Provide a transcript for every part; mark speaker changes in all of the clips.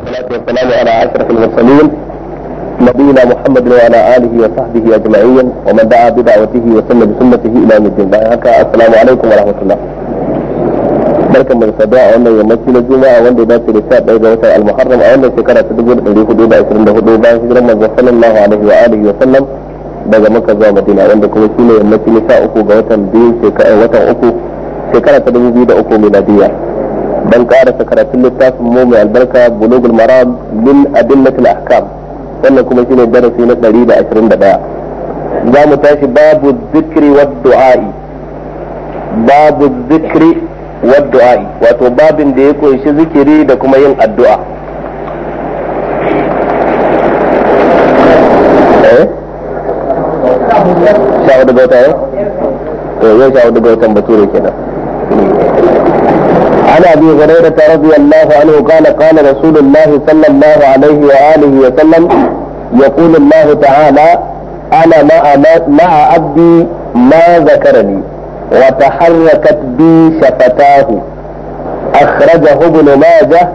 Speaker 1: والصلاة والسلام على أشرف المرسلين نبينا محمد وعلى آله وصحبه أجمعين ومن دعا بدعوته وسن بسنته إلى يوم الدين السلام عليكم ورحمة الله barkan mu da saduwa a wannan yammaci na juma'a wanda ya dace da sha ɗaya ga watan almuharram a wannan shekara ta dubu da ɗari hudu da ashirin da hudu bayan hijiran manzon sallallahu alaihi wa alihi wa sallam daga makka zuwa madina wanda kuma shi ne yammaci na sha uku ga watan biyu shekara watan uku shekara ta dubu biyu da uku miladiyya dan karasa karatun littafin mu mai albarka bulugul maram lil adillatil ahkam wannan kuma shine darasi na 121 mu tashi babu zikri wa du'a'i babu zikri wa du'a'i wato babin da ya kunshi zikiri da kuma yin addu'a eh? sha wadda gauta eh? eh, yau gautan bature kenan وعن ابي هريره رضي الله عنه قال قال رسول الله صلى الله عليه واله وسلم يقول الله تعالى انا مع مع عبدي ما ذكرني وتحركت بي شفتاه اخرجه ابن ماجه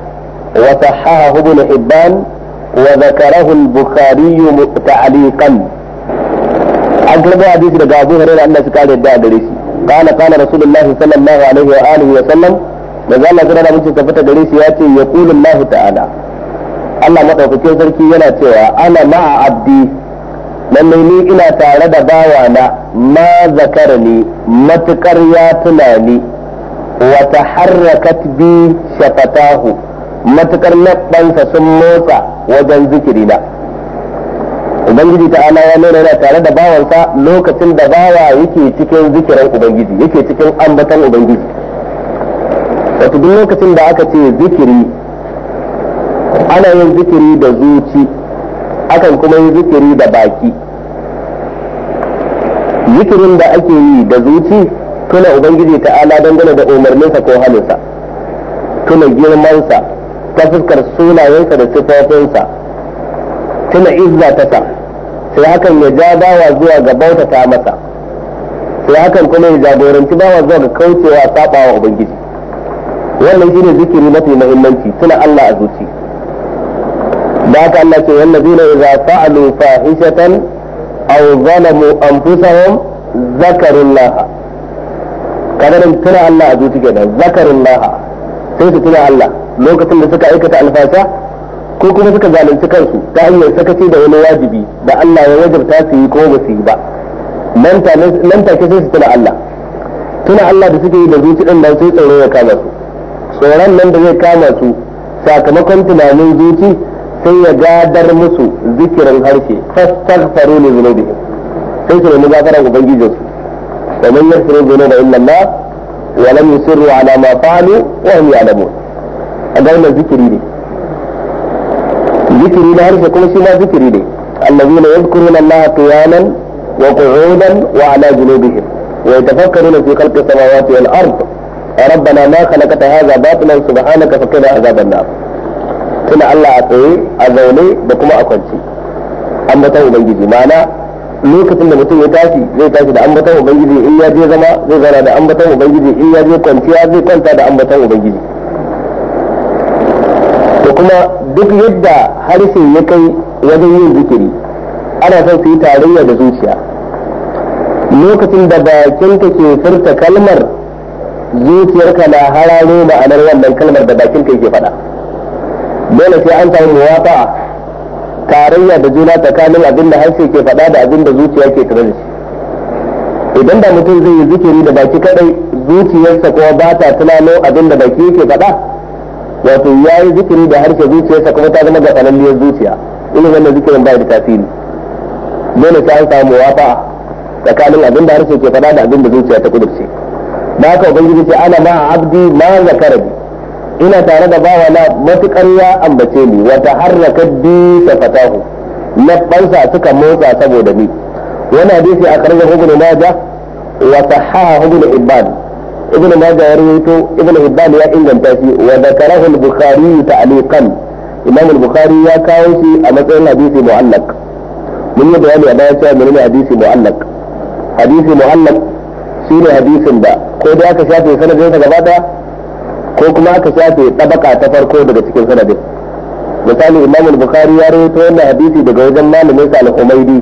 Speaker 1: وصححه ابن حبان وذكره البخاري تعليقا اقرب حديث لابو هريرة أن قال قال رسول الله صلى الله عليه وآله وسلم manzo Allah kira da mutum tabbata gare shi ya ce yaqulu Allah ta'ala Allah madaukakin sarki yana cewa ana ma'a abdi lallai ni ina tare da bawa na ma zakarani matukar ya tuna ni wa taharrakat bi shafatahu matukar labbansa sun motsa wajen zikirina ubangiji ta'ala ya nuna yana tare da bawansa lokacin da bawa yake cikin zikirin ubangiji yake cikin ambatan ubangiji wato duk lokacin da aka ce zikiri ana yin zikiri da zuci akan kuma yi zikiri da baki zikirin da ake yi da zuci tuna ubangiji ta'ala dangane da umarninsa ko halinsa tuna girmansa ta fuskar sunayensa da sifofinsa tuna izza ta sa sai hakan ya ja bawa zuwa ga bautata masa sai hakan kuma ya jagoranci bawa zuwa ga kaucewa sabawa ubangiji wannan shine zikiri mafi muhimmanci tuna Allah a zuci da haka Allah ce wallazina idza fa'alu fahishatan aw zalamu anfusahum zakarullah kadarin tuna Allah a zuci kenan zakarullah sai su tuna Allah lokacin da suka aikata alfasha ko kuma suka zalunci kansu ta hanyar sakaci da wani wajibi da Allah ya wajabta su yi ko ba su yi ba nan take sai su tuna Allah tuna Allah da suke yi da zuci din nan sai tsaro ya kama su tsoron nan da zai kama su sakamakon tunanin zuci sai ya gadar musu zikirin harshe fastaghfiru li dhunubihim sai su nemi gafaran ubangijin su wa man yaghfiru dhunuba illa Allah wa lam yusirru ala ma fa'alu wa hum ya'lamun a ga wannan zikiri ne zikiri na harshe kuma shi ma zikiri ne allazina yadhkuruna Allah qiyaman wa qu'udan wa ala junubihim wa yatafakkaruna fi khalqis samawati wal ardh ربنا ما خلقت هذا باطلا سبحانك فقنا عذاب النار tuna Allah a tsaye a zaune da kuma a kwance ambatan ubangiji ma'ana lokacin da mutum ya tashi zai tashi da ambatan ubangiji in ya je zama zai zana da ambatan ubangiji in ya je kwanciya zai kwanta da ambatan ubangiji da kuma duk yadda harshe ya kai wajen yin zikiri ana son su yi tarayya da zuciya lokacin da bakinka ke furta kalmar zuciyarka na hararo ma'anar wannan kalmar da bakin ka yake faɗa dole sai an samu muwafa tarayya da juna tsakanin abin da harshe ke faɗa da abin da zuciya ke tare da shi idan da mutum zai yi zikiri da baki kadai zuciyarsa kuma ba ta tunano abin da baki yake faɗa wato ya yi zikiri da harshe zuciyarsa kuma ta zama gafananniyar zuciya ina wannan zikirin ba da tasiri dole sai an samu muwafa tsakanin abin da harshe ke faɗa da abin da zuciya ta kudurce da ka ubangiji ce ana ma abdi ma zakara bi ina tare da bawa na matukar ya ambace ni wata harraka bi ta fatahu na bansa suka motsa saboda ni wani hadisi a karbar hukun maja wa sahaha hukun ibban ibn maja ya rawaito ibn ibban ya inganta shi wa zakarahu al-bukhari ta'liqan imam al-bukhari ya kawo shi a matsayin hadisi mu'allaq mun yi bayani a baya cewa menene hadisi mu'allaq hadisi mu'allaq Shi ne hadisin da ko dai aka shafe sanadin sa gaba daya ko kuma aka shafe tabaka ta farko daga cikin sanadin misali imam al-bukhari ya rawaito wannan hadisi daga wajen malamin sa al-humaydi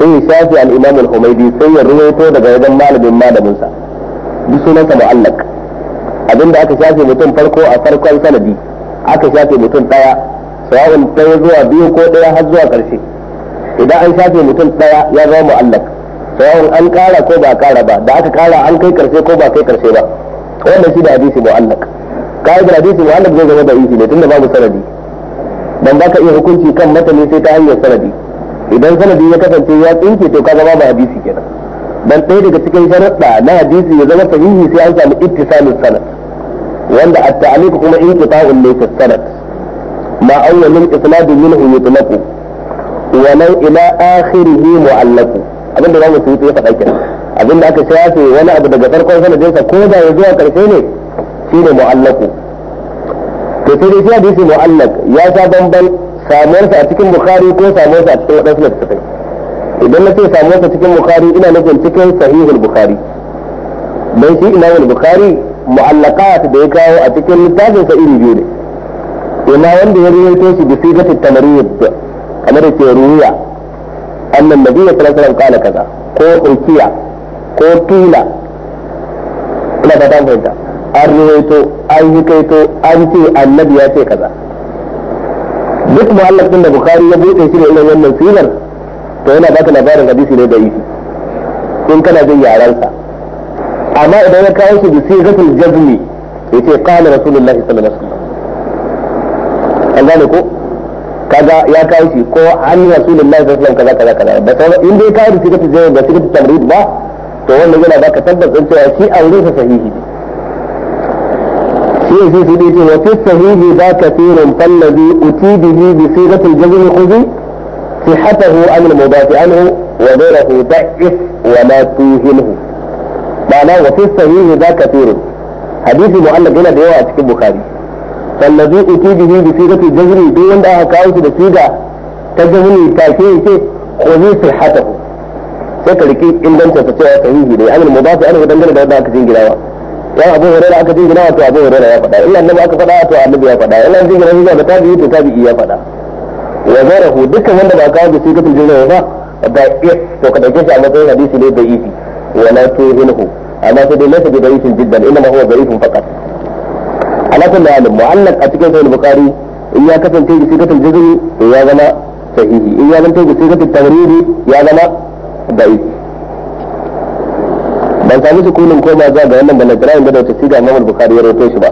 Speaker 1: sai ya shafe al-imam al-humaydi sai ya rawaito daga wajen malamin malamin sa duk sunansa mu'allaq abinda aka shafe mutum farko a farkon sanadi aka shafe mutum daya sawa'un ɗaya zuwa biyu ko ɗaya har zuwa ƙarshe idan an shafe mutum ɗaya ya zama mu'allaq sawa'un an kara ko ba kara ba da aka kara an kai karshe ko ba kai karshe ba wanda shi da hadisi mu'allaq ka'idar hadisi mu'allaq zai zama da isi ne tunda babu sanadi dan ka iya hukunci kan matani sai ta hanyar sanadi idan sanadi ya kasance ya tsinke to ka zama ba hadisi kenan dan ɗaya daga cikin sharaɗa na hadisi ya zama sahihi sai an samu ittisalin sanad wanda at-ta'liq kuma inqita'un laysa sanad ma awwalul isnad minhu yutlaqu wa law ila akhirih mu'allaqu abin da zamu yi ya faɗa kenan abin da aka shafe wani abu daga farkon sanadin sa ko da ya zuwa karshe ne shine mu'allaku to sai dai shi hadisi mu'allak ya sha bamban samuwar sa a cikin bukhari ko samuwar sa a cikin wadansu littattafai idan na ce samuwar sa cikin bukhari ina nufin cikin sahihul bukhari dan shi imamul bukhari mu'allaqat da ya kawo a cikin littafin sa iri biyu ne ina wanda ya rawaito shi bi sigati tamrid kamar da ke ruwa annan nabi sallallahu alaihi wasallam kana kaza ko ulkiya ko kila ina ba ta fahimta an ruwaito an yi kaito an annabi ya ce kaza duk muhallafin da bukari ya buɗe shi ne irin wannan silar to yana baka labarin hadisi ne da yi in kana jin yaransa amma idan ya kawo shi da sigatul jazmi yace qala rasulullahi sallallahu alaihi wasallam an gane ko kaga ya kawo shi ko an rasulullahi sallallahu alaihi wasallam kaza kaza kaza ba sai in dai kawo shi kace zai ba shi tamrid ba to wannan yana baka tabbacin cewa shi a wurin sa sahihi shi shi shi dai wa fi sahihi da kathirun talabi utibihi bi bi sigatil jazm fi hatahu an al-mudafi anhu wa ghayruhu da'if wa la tuhinhu ma'ana wa fi sahihi da kathirun hadisi mu'allaq yana da yawa a cikin bukhari فالذي أتي به بصيغة الجزر دون أن كاوس بصيغة تجزم تاكيه خذي صحته سكرك إن لم تستطيع صحيح لي عن المضاف أنا ودنجل بيضا كثير جلاوة يا أبو هريرة كثير جلاوة يا أبو هريرة يا فدا إلا النبي أكا فدا تو النبي يا فدا إلا الذي جلاوة تو تابعي تو تابعي يا فدا وغيره دكا وند ما كاوس بصيغة الجزم ba iya to ka dauke shi a matsayin hadisi ne da isi wala tuhinuhu amma sai dai laysa bi da'ifin jiddan inma huwa da'ifun ala kulli halin mu'allaq a cikin sahih bukhari in ya kasance da sigatul jazri to ya zama sahihi in ya kasance da sigatul tawridi ya zama da'if ban sami sukunin ko ba za ga wannan balantana inda da wata siga Imam Bukhari ya rawaito shi ba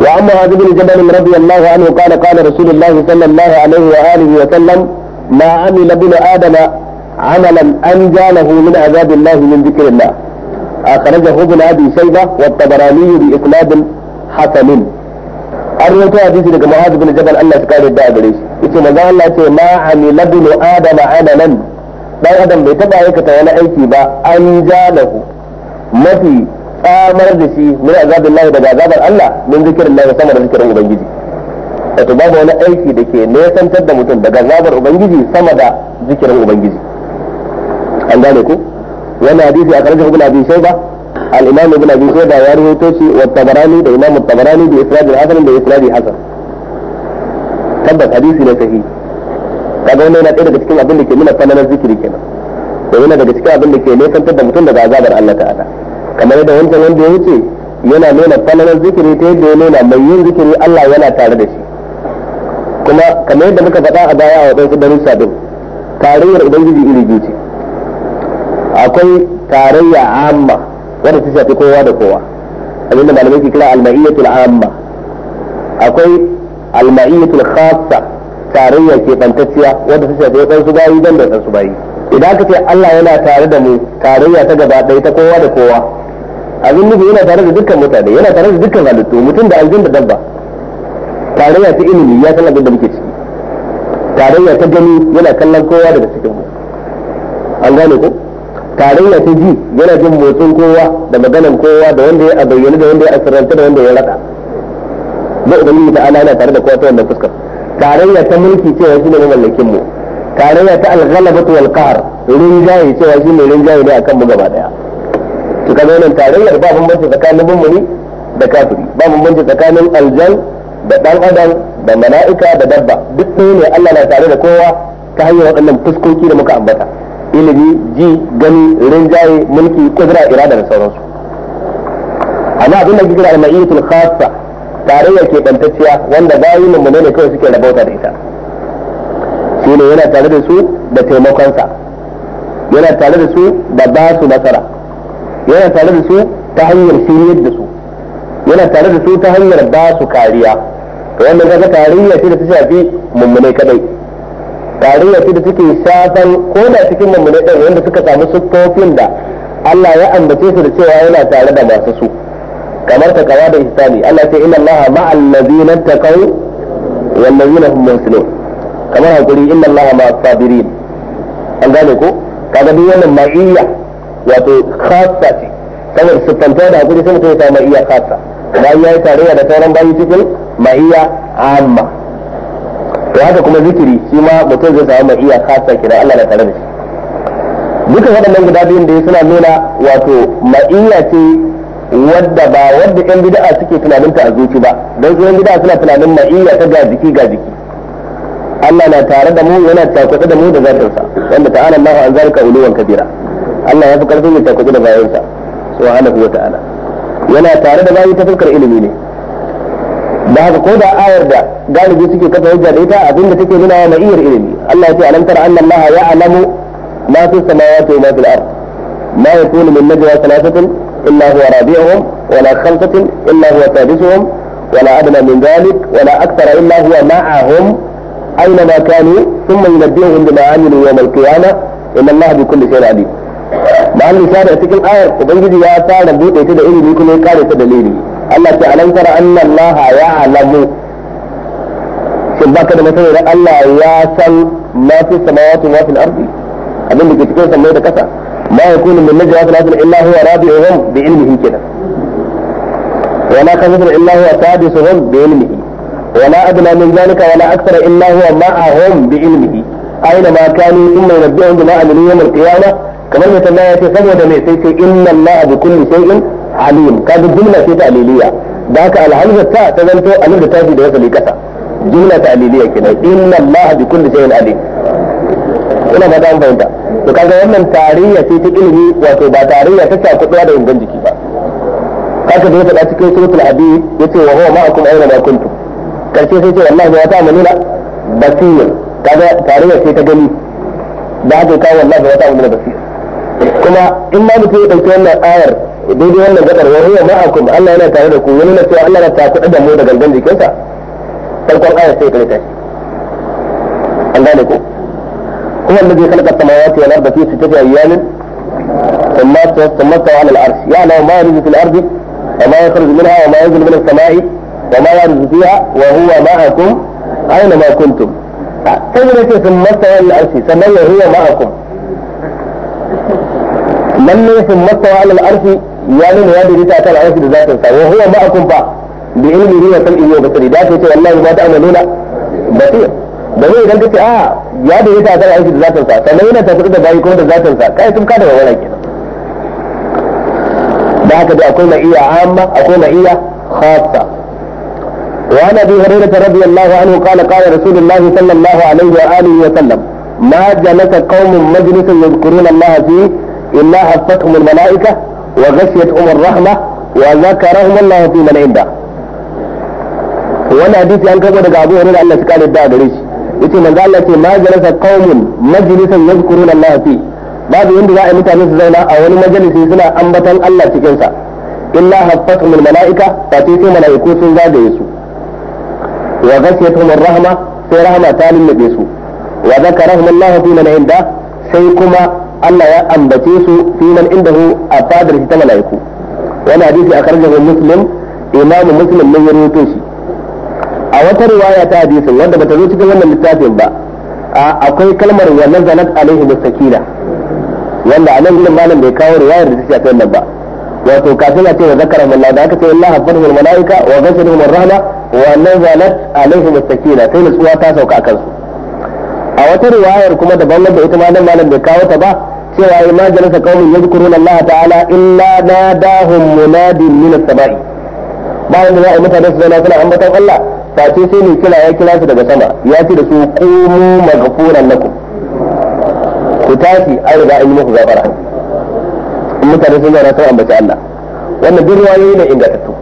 Speaker 1: wa amma Hazib bin Jabal radiyallahu anhu qala qala Rasulullah sallallahu alaihi wa alihi wa sallam ma amila bin adam عملا أنجاله من عذاب الله من ذكر الله أخرجه ابن أبي شيبة والطبراني بإسناد hasanin an rinto hadisi daga mu'adh bin jabal Allah ya kare da gare shi yace manzo Allah ya ce ma amila bin adam amalan dan adam bai taba aikata wani aiki ba an jalahu mafi tsamar da shi min azabin Allah daga azabar Allah min zikirin Allah sama da zikirin ubangiji wato babu wani aiki da ke nesantar da mutum daga azabar ubangiji sama da zikirin ubangiji an gane ku wani hadisi a karkashin ibn abi shayba الإمام ابن أبي شيبة يروي توشي والطبراني ده إمام الطبراني بإسناد حسن بإسناد حسن tabbas hadisi ne sahihi kaga wannan yana ɗaya daga cikin abin da ke nuna falalar zikiri kenan da yana daga cikin abin da ke nesantar da mutum daga azabar Allah ta'ala kamar yadda wancan wanda ya wuce yana nuna falalar zikiri ta yadda ya nuna mai yin zikiri Allah yana tare da shi kuma kamar yadda muka faɗa a baya a waɗansu darussa din tarayyar ubangiji iri biyu ce akwai tarayya amma wanda ta shafi kowa da kowa abinda malamai ke kira almaiyatul amma akwai almaiyatul khassa tarayya ke fantaciya wanda ta shafi dan su bayi dan da su bayi idan aka ce Allah yana tare da mu tarayya ta gaba ɗaya ta kowa da kowa abin nufi yana tare da dukkan mutane yana tare da dukkan halittu mutum da aljin da dabba tarayya ta ilimi ya san abin da muke ciki tarayya ta gani yana kallon kowa daga cikin mu an gane ko da ta ji yana jin motsin kowa da maganan kowa da wanda ya bayyana da wanda ya asiranta da wanda ya raka da ubangiji ta alana tare da kowa ta wannan fuskar tarayya ta mulki cewa shi ne mamallakin mu tarayya ta al wal qahr rinjaye cewa shi ne rinjaye ne akan mu gaba daya to kaga wannan tarayyar ba bambanci tsakanin mummuni da kafiri ba bambanci tsakanin aljan da dan adam da mala'ika da dabba duk ne Allah na tare da kowa ta hanyar waɗannan fuskoki da muka ambata ilimi ji gani rinjaye mulki kudura irada da sauransu amma abin da kira al-ma'iyatul khassa tarayya ke dantacciya wanda bayi mu ne kawai suke rabauta da ita shi ne yana tare da su da taimakonsa yana tare da su da ba su nasara yana tare da su ta hanyar shiryar da su yana tare da su ta hanyar ba su kariya wannan kaga tarayya ce da ta shafi mummune kadai ƙariya ce da suke shafan ko da cikin mummune ɗin wanda suka samu siffofin da Allah ya ambace su da cewa yana tare da masu su kamar ta kawa da ihsani Allah ce inna Allah ma'al ladina taqaw wal ladina hum muslimun kamar hakuri inna Allah ma'as sabirin an gane ko kaga duk wannan ma'iyya wato khassa ce saboda siffanta da hakuri sai mutum ya samu ma'iyya khassa bayan ya yi tarayya da sauran bayi cikin ma'iyya amma to haka kuma zikiri shi ma mutum zai samu iyaka ta kira Allah na tare da shi dukkan waɗannan guda biyun da suna nuna wato mai ce wadda ba wadda yan bid'a suke tunanin ta a zuci ba don su gida bid'a suna tunanin mai ta ga jiki ga jiki Allah na tare da mu yana takwatsa da mu da zatinsa wanda ta'ala Allah an zalika uluwan kabira Allah ya fi karfin ya takwatsa da bayansa subhanahu wa ta'ala yana tare da bayi ta fuskar ilimi ne da haka ko da ayar da galibi suke kafa hujja da ita abinda take nuna wa ma'iyar ilimi Allah ya ce alam tara anna Allah ya'lamu ma fi samawati wa ma fil ard ma yakunu min najwa thalathatin illa huwa rabi'uhum wa la khamsatin illa huwa sadisuhum ولا خمسة إلا هو سادسهم ولا أدنى من ذلك ولا أكثر إلا هو معهم أينما كانوا ثم ينبئهم بما عملوا يوم القيامة إن الله بكل شيء عليم مع الإشارة cikin ayar Ubangiji ya fara bude ta da ilimi kuma ya kare ta da ilimi التي ترى أن الله يعلم شبك لما تقول الله يعلم ما في السماوات وما في الأرض أبين لك تكون سميه كسا ما يكون من نجوى ثلاثة إلا هو رابعهم بعلمه كذا ولا خمسة إلا هو سادسهم بعلمه ولا أدنى من ذلك ولا أكثر إلا هو معهم بعلمه أينما كانوا إنا ينبئهم بما عملوا يوم القيامة كما يتلا يأتي خلوة ميسيسي إن الله بكل شيء alim kaga jumla ce ta aliliya da haka alhamza ta ta zanto alif da tafi da wasali kasa jumla ta aliliya kenan inna allaha bi kulli shay'in alim ina ba an fahimta to kaga wannan tarayya ce ta ilimi wato ba tarayya ta cakuɗuwa da ingan jiki ba haka da ya faɗa cikin suratul hadid yace wa huwa ma'akum aina ma kuntum karshe sai ce wallahi wa ta'maluna basir kaga tarayya ce ta gani da haka kawo wallahi wa ta'maluna basir kuma in ma mutum ya ɗauki wannan ayar daidai wannan gabar wa huwa ma'akum Allah yana tare da ku wani na cewa Allah na tafi da mu da gangan jikinsa farkon ayar sai kare tashi an gane ko هو الذي خلق السماوات والأرض في ستة أيام ثم ثم استوى على العرش يعلم ما يلج في الأرض وما يخرج منها وما ينزل من السماء وما يعرج فيها وهو معكم أينما كنتم كيف ثم استوى على العرش سمي هو معكم من ثم استوى على العرش ya nuna ya daidaita akan arshi da zatin sa wa huwa ma'akum fa bi ilmihi wa sam'ihi wa basari da ce wallahi ma ta'maluna basir da ne idan kace a ya daidaita akan arshi da zatin sa sannan yana tafi da bayi kuma da zatin sa kai tun ka da wala kenan da haka dai akwai ma'iya amma akwai ma'iya khassa وعن ابي هريره رضي الله عنه قال قال رسول الله صلى الله عليه واله وسلم ما جلس قوم مجلس يذكرون الله فيه الا حفتهم الملائكه وغشيتهم الرحمة وذكرهم الله في من عنده wannan hadisi an karbo daga Abu Hurairah Allah ya kare da gare shi yace manzo Allah ce ma jalasa qaumun majlisan yadhkuruna Allah babu inda za a mutane su zauna a wani majalisi suna ambatan Allah cikinsa sa illa haffatuhum almalaika fa sai sai malaiku sun zagaye su wa sai rahma ta lullube su wa zakarahum inda sai kuma Allah ya ambace su fi inda indahu a fadar shi ta malaiku wani hadisi a karjahu muslim imamu muslim ne ya rawaito shi a wata riwaya ta hadisin wanda bata zo cikin wannan littafin ba akwai kalmar wa nazalat alaihi musakina wanda anan gudun malam bai kawo riwayar da take akan nan ba wato kafin a ce wa zakara Allah da aka ce Allah hafazahu al malaika wa ghashiyahum ar-rahma wa nazalat alaihim as-sakina sai nutsuwa ta sauka akan su a wata riwayar kuma daban wanda ita malam malam bai kawo ta ba cewa ma jalasa qaumin yadhkuruna Allah ta'ala illa nadahum munadin min as-sama'i bayan da za'i mutane su zauna suna ambatan Allah face sai mai kira ya kira su daga sama ya ce da su qumu maghfuran na ku tashi an riga an yi muku gafara in mutane sun zauna sun ambaci Allah wannan duk ruwayoyi ne ingantattu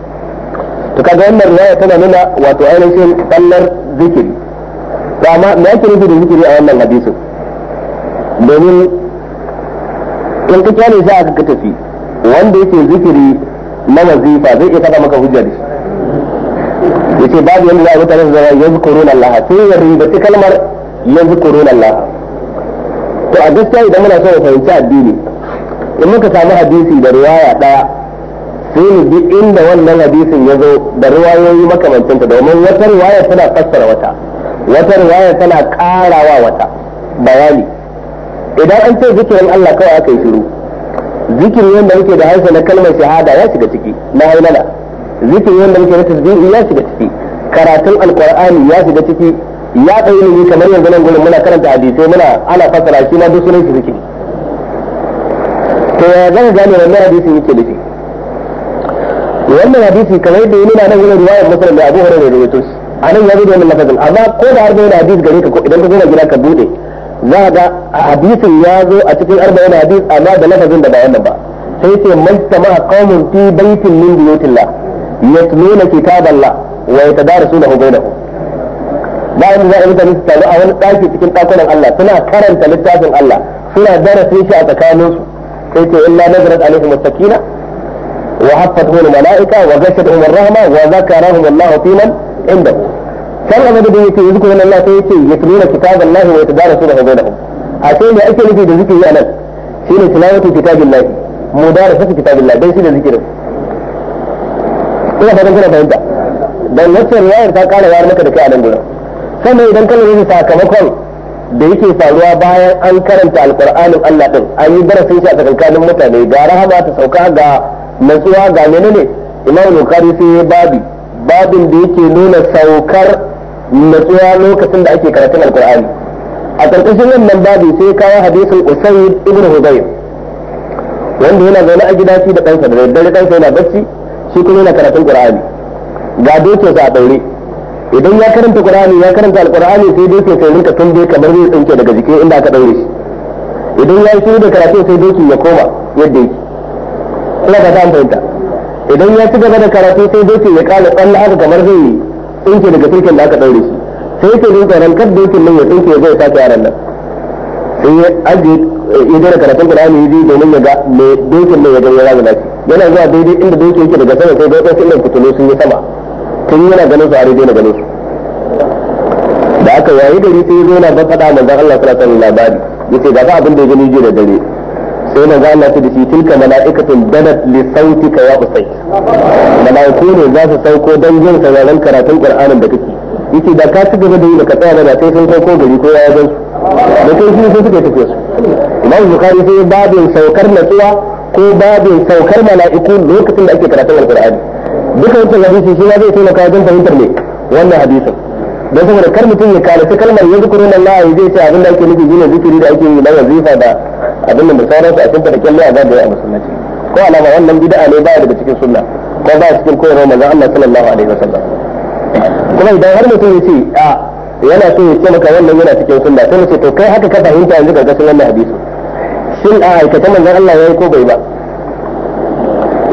Speaker 1: to kaga wannan riwaya tana nuna wato ainihin sallar zikiri to amma me yake nufi da zikiri a wannan hadisin domin in ka kyale sai aka tafi wanda yake zikiri na wazifa zai iya kada maka hujja da shi yace babu yanda za a mutane su zama yazkuruna Allah sai ya ta kalmar yazkuruna Allah to a gaskiya idan muna so mu fahimci addini in muka samu hadisi da riwaya daya sai mu bi inda wannan hadisin ya zo da riwayoyi makamancinta domin wata riwaya tana fassara wata wata riwaya tana karawa wata bayani idan an ce zikirin Allah kawai aka yi shiru zikirin wanda muke da harshe na kalmar shahada ya shiga ciki na hailala zikirin wanda muke da tasbihi ya shiga ciki karatun alqur'ani ya shiga ciki ya ɗau ilimi kamar yanzu nan gurin muna karanta hadisai muna ana fasara shi ma duk sunan shi zikiri to ya zan gane wannan hadisin yake nufi wannan hadisi kamar yadda yana nan gurin riwayar muslim da Abu Hurairah da rawaito shi a nan ya zo da wannan lafazin amma ko da har da hadisi gare ka ko idan ka zo gida ka bude za ga hadisin ya zo a cikin arba'in hadis amma da lafazin da ba wannan ba sai ce majtama qaumun fi baitin min buyutillah yatluna kitaballah wa yatadarasunahu bainahum bayan da za a mutane su taru a wani ɗaki cikin ɗakunan Allah suna karanta littafin Allah suna darasin shi a tsakanin su sai ce illa nazarat alaihim as-sakina wa haffathum al-mala'ika wa ghashiyatuhum ar-rahma wa zakarahum Allahu fi man indahu kar a madadin yake yanzu kuma Allah sai yake ya tuna kitaballahi wa yatadarasu da bainahum a sai ne ake nufi da zikiri anan shine tilawatu kitabillahi mudarasatu kitabillahi dan shine zikirin ina fatan kana fahimta dan wacce riwayar ta kara wayar maka da kai a nan gurin sannan idan kana yin sakamakon da yake faruwa bayan an karanta alqur'anin Allah din an yi darasin shi a tsakankanin mutane ga rahama ta sauka ga natsuwa ga menene imam bukhari sai babi babin da yake nuna saukar natsuwa lokacin da ake karatun alkur'ani a ƙarƙashin wannan babu sai kawo hadisin usayd ibn hudayr wanda yana zaune a gida shi da kansa da daddare kansa yana bacci shi kuma yana karatun qur'ani ga sa a daure idan ya karanta qur'ani ya karanta alkur'ani sai dokin sai rinka tunde kamar zai tsinke daga jiki inda aka daure shi idan ya shiru da karatu sai dokin ya koma yadda yake kuma ka ta fahimta idan ya ci gaba da karatu sai dokin ya kala tsalla haka kamar zai tsinke daga tsinken da aka ɗaure shi sai ke jin tsoron kar da yake nan ya tsinke ya zai sake yaran nan sai ya aje eh, ya dora karatun Qur'ani yaji domin ya ga me dokin nan ya ya yara da yana zuwa daidai inda dokin yake daga sama sai dokin nan fitilo sun yi sama tun yana ganin su a rediyo na ganin su da aka yayi gari sai ya zo yana ban faɗa manzan Allah sallallahu alaihi wasallam labari yace ga ba abin da ya gani jiya da dare sai za Allah ta dace tilka malaikatun danat li sautika ya usai malaiku ne za su sauko dan jin sauraron karatun Qur'anin da kake yace da ka ci gaba da yi da ka tsaya da sai sun sauko gari ko ya gan da kai shi sai suka tafi su Imam Bukhari sai babin saukar natsuwa ko babin saukar mala'iku lokacin da ake karatun Al-Qur'ani duka wannan hadisi shi ma zai taimaka wajen fahimtar ne wannan hadisin don saboda kar mutum ya kalaci kalmar ya zukuru na Allah ya zai ce abin da ake nufi shine zikiri da ake yi na wazifa da abin da sauran su a cikin da kyalle a zaɓe a musulunci ko alama wannan bid'a ne ba daga cikin sunna ko ba cikin koyarwar manzo Allah sallallahu alaihi wasallam kuma idan har mutum ya ce a yana so ya ce maka wannan yana cikin sunna sai ce to kai haka ka fahimta yanzu ga sunan da hadisi shin a aikata manzo Allah yayi ko bai ba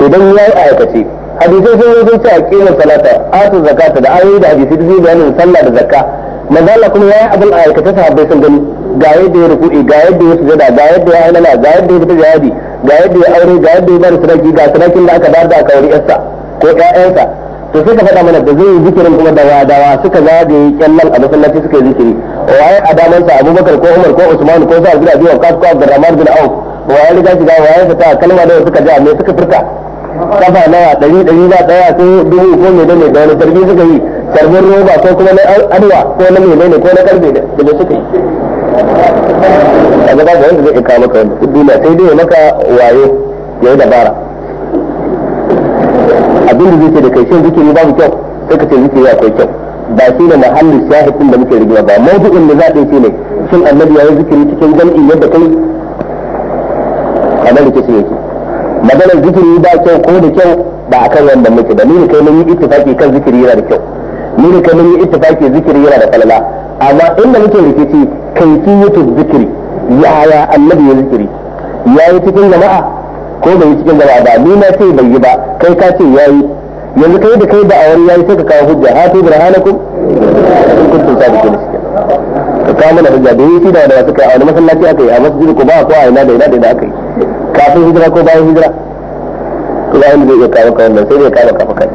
Speaker 1: idan yayi aikace hadisai sun yi sun ce a kima salata atu zakata da ayoyi da hadisai duk bayanin sallah da zakka manzo Allah kuma yayi abin a aikata sahabbai sun gani ga yadda ya ruku'i ga yadda ya sujada ga yadda ya halala ga yadda ya fita jihadi ga yadda ya aure ga yadda ya bar sadaki ga sadakin da aka bayar da aka wuri yarsa ko ƴaƴansa to sai ka faɗa mana da zai yi zikirin kuma da wadawa suka zagaye kyallan a masallaci suka yi zikiri waye a damansa Abubakar ko Umar ko Usman ko Sa'ad bin Abi Waqqas ko Abdurrahman bin Auf waye riga shiga waye fita kalma da suka ja me suka furta kafa nawa ɗari ɗari za ɗaya ko dubu ko mai ne da wani karbi suka yi karbin roba ko kuma na arwa ko na mai ne ko na karbe da da suka yi kaga ba ga wanda zai kawo maka wanda duniya sai dai maka waye ya yi dabara abin da zai da kai shin zikiri babu kyau sai ka ce zikiri akwai kyau ba shi ne mahallin shahidin da muke rigima ba mawdu'in da za ɗaya shi ne shin annabi ya yi zikiri cikin jam'i yadda kai a nan shi yake maganar zikiri ba kyau ko da kyau ba akan wanda muke da ni kai mun yi ittifaki kan zikiri yana da kyau ni ne kai mun yi ittifaki zikiri yana da falala amma inda muke rikici kaifiyatu zikiri yaya annabi ya zikiri yayi cikin jama'a ko bai yi cikin jama'a ba ni na ce bai yi ba kai ka ce yayi yanzu kai da kai da awar yayi sai ka kawo hujja hatu burhanakum kuntum sadiqin ka kawo mana hujja da yi shi da wanda suka a wani masallaci aka yi a masjid ku ba ko a ina da ina da aka yi kafin hijira ko bayan hijira to ba inda zai iya kawo wannan sai dai kawo kafa kai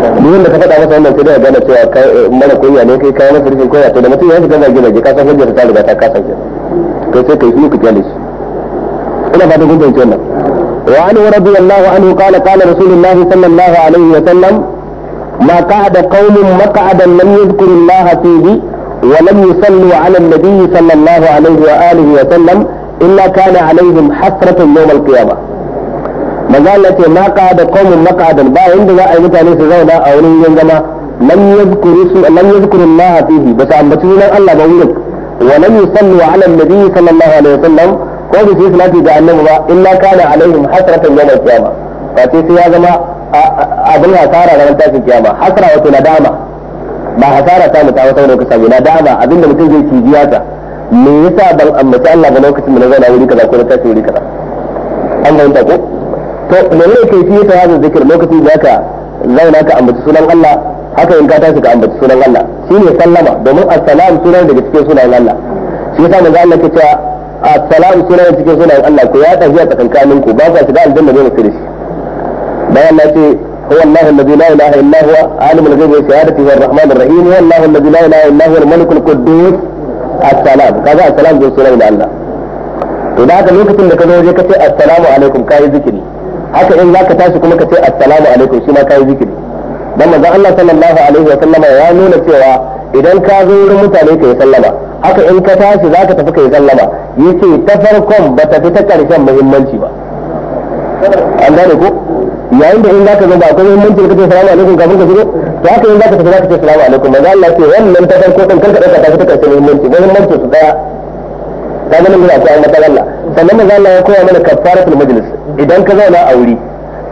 Speaker 1: duk wanda ka faɗa masa wannan sai dai ya gane cewa kai mana kunya ne kai kawo masa rufin kunya to da mutum ya shiga zage zage ka san hujjar ta riga ta kasa kasance to sai kai shi ku kyale shi ina fatan kun fahimci wannan wa رضي الله عنه قال قال qala الله صلى الله عليه وسلم ما قعد قوم مقعدا لم يذكر الله فيه ولم يصلوا على النبي صلى الله عليه وآله وسلم illa kana alaihim hasratan yawm al-qiyamah manzo Allah ce ma qada qaumun maqadan ba inda za a yi mutane su zauna a wurin yin zama lam yadhkuru lam yadhkuru Allah fihi ba sa ambaci nan Allah ba wurin wa lam yusallu ala an-nabi sallallahu alaihi wasallam ko da shi salati ga annabi ba illa kana alaihim hasratan yawm al-qiyamah fa sai ya zama abin hasara ranar tashin kiyama hasra ba hasara ta mutawa saboda ka sami abinda mutum zai ciji me yasa ban ambaci Allah ba lokacin da na zauna wuri kaza ko na tashi wuri kaza an ta ko to ne kai shi yasa hazin zikir lokacin da ka zauna ka ambaci sunan Allah haka in ka tashi ka ambaci sunan Allah shine sallama domin assalam sunan daga cikin sunan Allah shi yasa manzo Allah ke cewa assalam sunan cikin sunan Allah ko ya tafi a tsakankanin ku ba ka shiga aljanna ne ka shi bayan Allah ce هو الله الذي لا اله الا هو عالم الغيب والشهاده هو الرحمن الرحيم هو الله الذي لا اله الا هو الملك القدوس assalam kaga assalam zai sunan ila Allah to da haka lokacin da ka zo waje ka ce assalamu alaikum kai zikiri haka in zaka tashi kuma ka ce assalamu alaikum shi ma kai zikiri dan manzon Allah sallallahu alaihi wa sallama ya nuna cewa idan ka zo wurin mutane ka yi sallama haka in ka tashi zaka tafi ka yi sallama yace ta farkon ba ta fi ta karshen muhimmanci ba an gane ko yayin da in za ka zaba akwai muhimmanci da kake salamu alaikum kafin ka shigo to haka in za ka tafi zaka ce salamu alaikum manzo Allah ce wannan ta farko din karka dauka ta fita kace muhimmanci muhimmanci su daya ka ga nan da akwai matsala Allah sannan manzo Allah ya koya mana kafaratul majlis idan ka zauna a wuri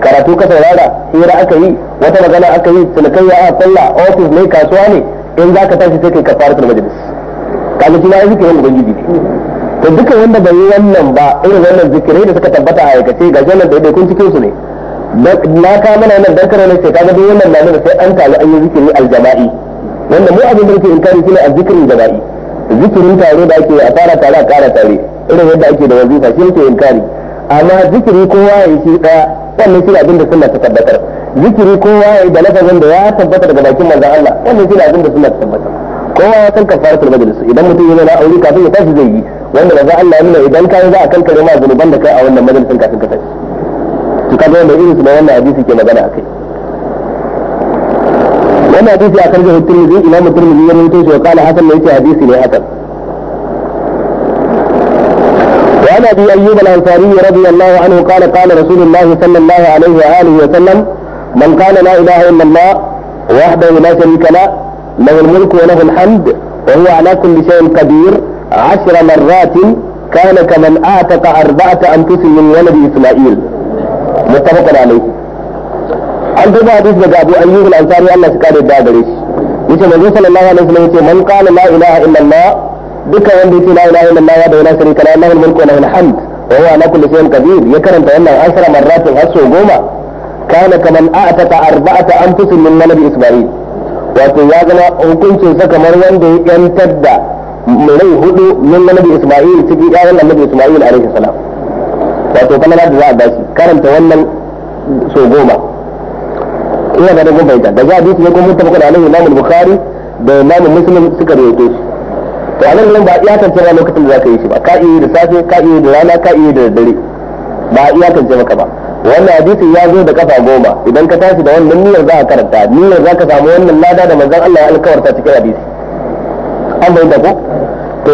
Speaker 1: karatu ka saurara hira aka yi wata magana aka yi cinikayya a sallah ofis ne kasuwa ne in za ka tashi sai kai kafaratul majlis kaga kina yi zikirin ubangiji ne to duka wanda bai yi wannan ba irin wannan zikirai da suka tabbata a aikace ga jannan da kun cikin su ne na ka mana wannan dan karone sai kaga duk wannan na sai an taru an yi zikiri aljama'i wanda mu abin da muke inkari shine azzikirin jama'i zikirin tare da ake a fara tare a kara tare irin yadda ake da wazifa shi muke inkari amma zikiri kowa ya shi daya wannan shine abin da sunna ta tabbatar zikiri kowa ya da lafazin da ya tabbata daga bakin manzon Allah wannan shine abin da sunna ta tabbatar kowa ya san kafaratul majlis idan mutum yana da aure kafin ya tashi zai yi wanda manzon Allah ya nuna idan kai za a kankare ma zanuban da kai a wannan majalisin kafin ka tashi kaga wanda irin su wannan hadisi ke magana akai wannan hadisi a karfe ya shi kala ne hadisi ne وعن ابي ايوب الانصاري رضي الله عنه قال قال رسول الله صلى الله عليه واله وسلم من قال لا اله الا الله وحده لا شريك له له الملك وله الحمد وهو على كل شيء قدير عشر مرات كان كمن اعتق اربعه انفس من ولد اسماعيل muttafaqun alayhi an duba hadis daga Abu Ayyub al-Ansari Allah shi kare da gare shi yace manzo sallallahu alaihi wasallam yace man qala la ilaha illallah dukkan wanda yace la ilaha illallah wa la sharika lahu lahul mulku wa lahul hamd wa huwa ala kulli shay'in qadir ya karanta wannan asara marratin har sau goma kana kaman a'taka arba'ata anfusin min malabi isma'il wato ya zama hukuncin sa kamar wanda ya yantar da rai hudu min malabi isma'il cikin ƴaƴan annabi isma'il alaihi salam wato falala da za a bashi karanta wannan so goma ina da goma ita da za a bisu ne kuma mutum da alaihi imamu bukhari da imamu muslim suka rawaito shi to a nan ba iya tantance ba lokacin da za ka yi shi ba ka iya da safe ka iya da rana ka iya da dare ba iya tantance maka ba wannan hadisi ya zo da kafa goma idan ka tashi da wannan niyyar za ka karanta niyyar za ka samu wannan lada da manzon Allah ya alkawarta cikin hadisi an bayyana ko to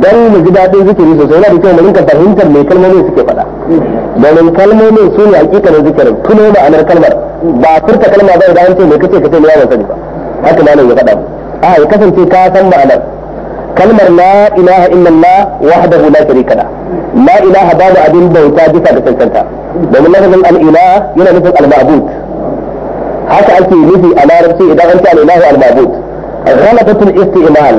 Speaker 1: dan mu ji daɗin zikiri sosai yana da kyau mu rinka fahimtar me kalmomin suke faɗa domin kalmomin su ne hakikanin zikirin tuno ma'anar kalmar ba furta kalma ba idan an ce me kace kace ne ya sani ba haka malam ya faɗa a ya kasance ka san ma'anar kalmar la ilaha illallah wahdahu la sharika la la ilaha babu abin bauta bisa da cancanta domin lafazin al-ilah yana nufin al-ma'bud haka ake nufi a larabci idan an ce al-ilahu al-ma'bud غلبة الاستئمال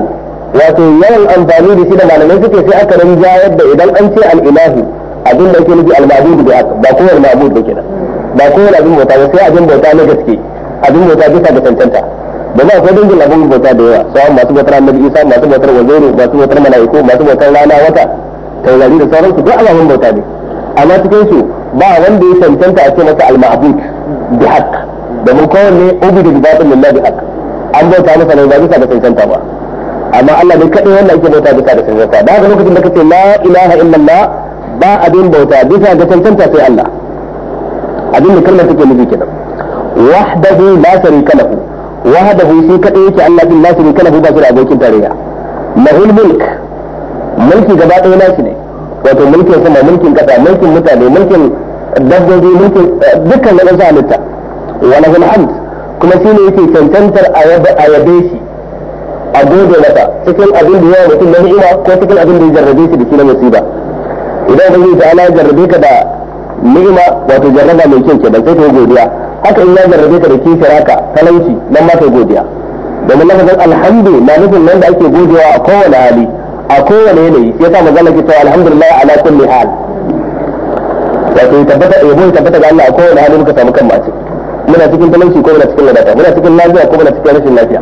Speaker 1: wato yawan amfani da shi da malamai suke sai aka rinjayar yadda idan an ce al-ilahi abin da yake nufi al-mabud bi ba ko al-mabud ba kenan ba ko abin bauta ba sai abin bauta na gaske abin bauta bisa ga tantanta domin akwai dangin abin bauta da yawa sai masu bautar annabi Isa masu bautar wazero masu bautar malaiku masu bautar rana wata taurari da sauransu duk alamun bauta ne amma cikin su ba wanda ya tantanta a ce masa al-mabud bi haqq domin kowanne ubudu bi batil lillahi haka an bauta masa ne ba bisa da tantanta ba amma Allah ne kadai wanda ake bauta bisa da cancanta da haka lokacin da kace la ilaha illallah ba abin bauta bisa ga cancanta sai Allah abin da kalmar take nufi kenan wahdahu la sharika lahu wahdahu shi kadai yake Allah din la sharika lahu ba shi da abokin tarayya lahul mulk mulki gaba ɗaya nashi ne wato mulkin sama mulkin kasa mulkin mutane mulkin dabbobi mulkin eh, dukkan na halitta wa lahul hamd kuma shine yake cancantar a yabe shi a gode mata cikin abin da yawa mutum na ni'ima ko cikin abin da ya jarrabe shi da shi na musiba idan ubangiji ta ala ya jarrabe ka da ni'ima wato jarraba mai kyau kenan sai ka yi godiya haka in ya jarrabe ka da kishira ka talauci nan ma ka godiya domin lafazin alhamdu na nufin nan da ake godewa a kowane hali a kowane yanayi shi ta manzo Allah ke cewa alhamdulillah ala kulli hal wato tabbata yabo tabbata ga Allah a kowane hali muka samu kanmu a muna cikin talauci ko muna cikin ladata muna cikin lafiya ko muna cikin rashin lafiya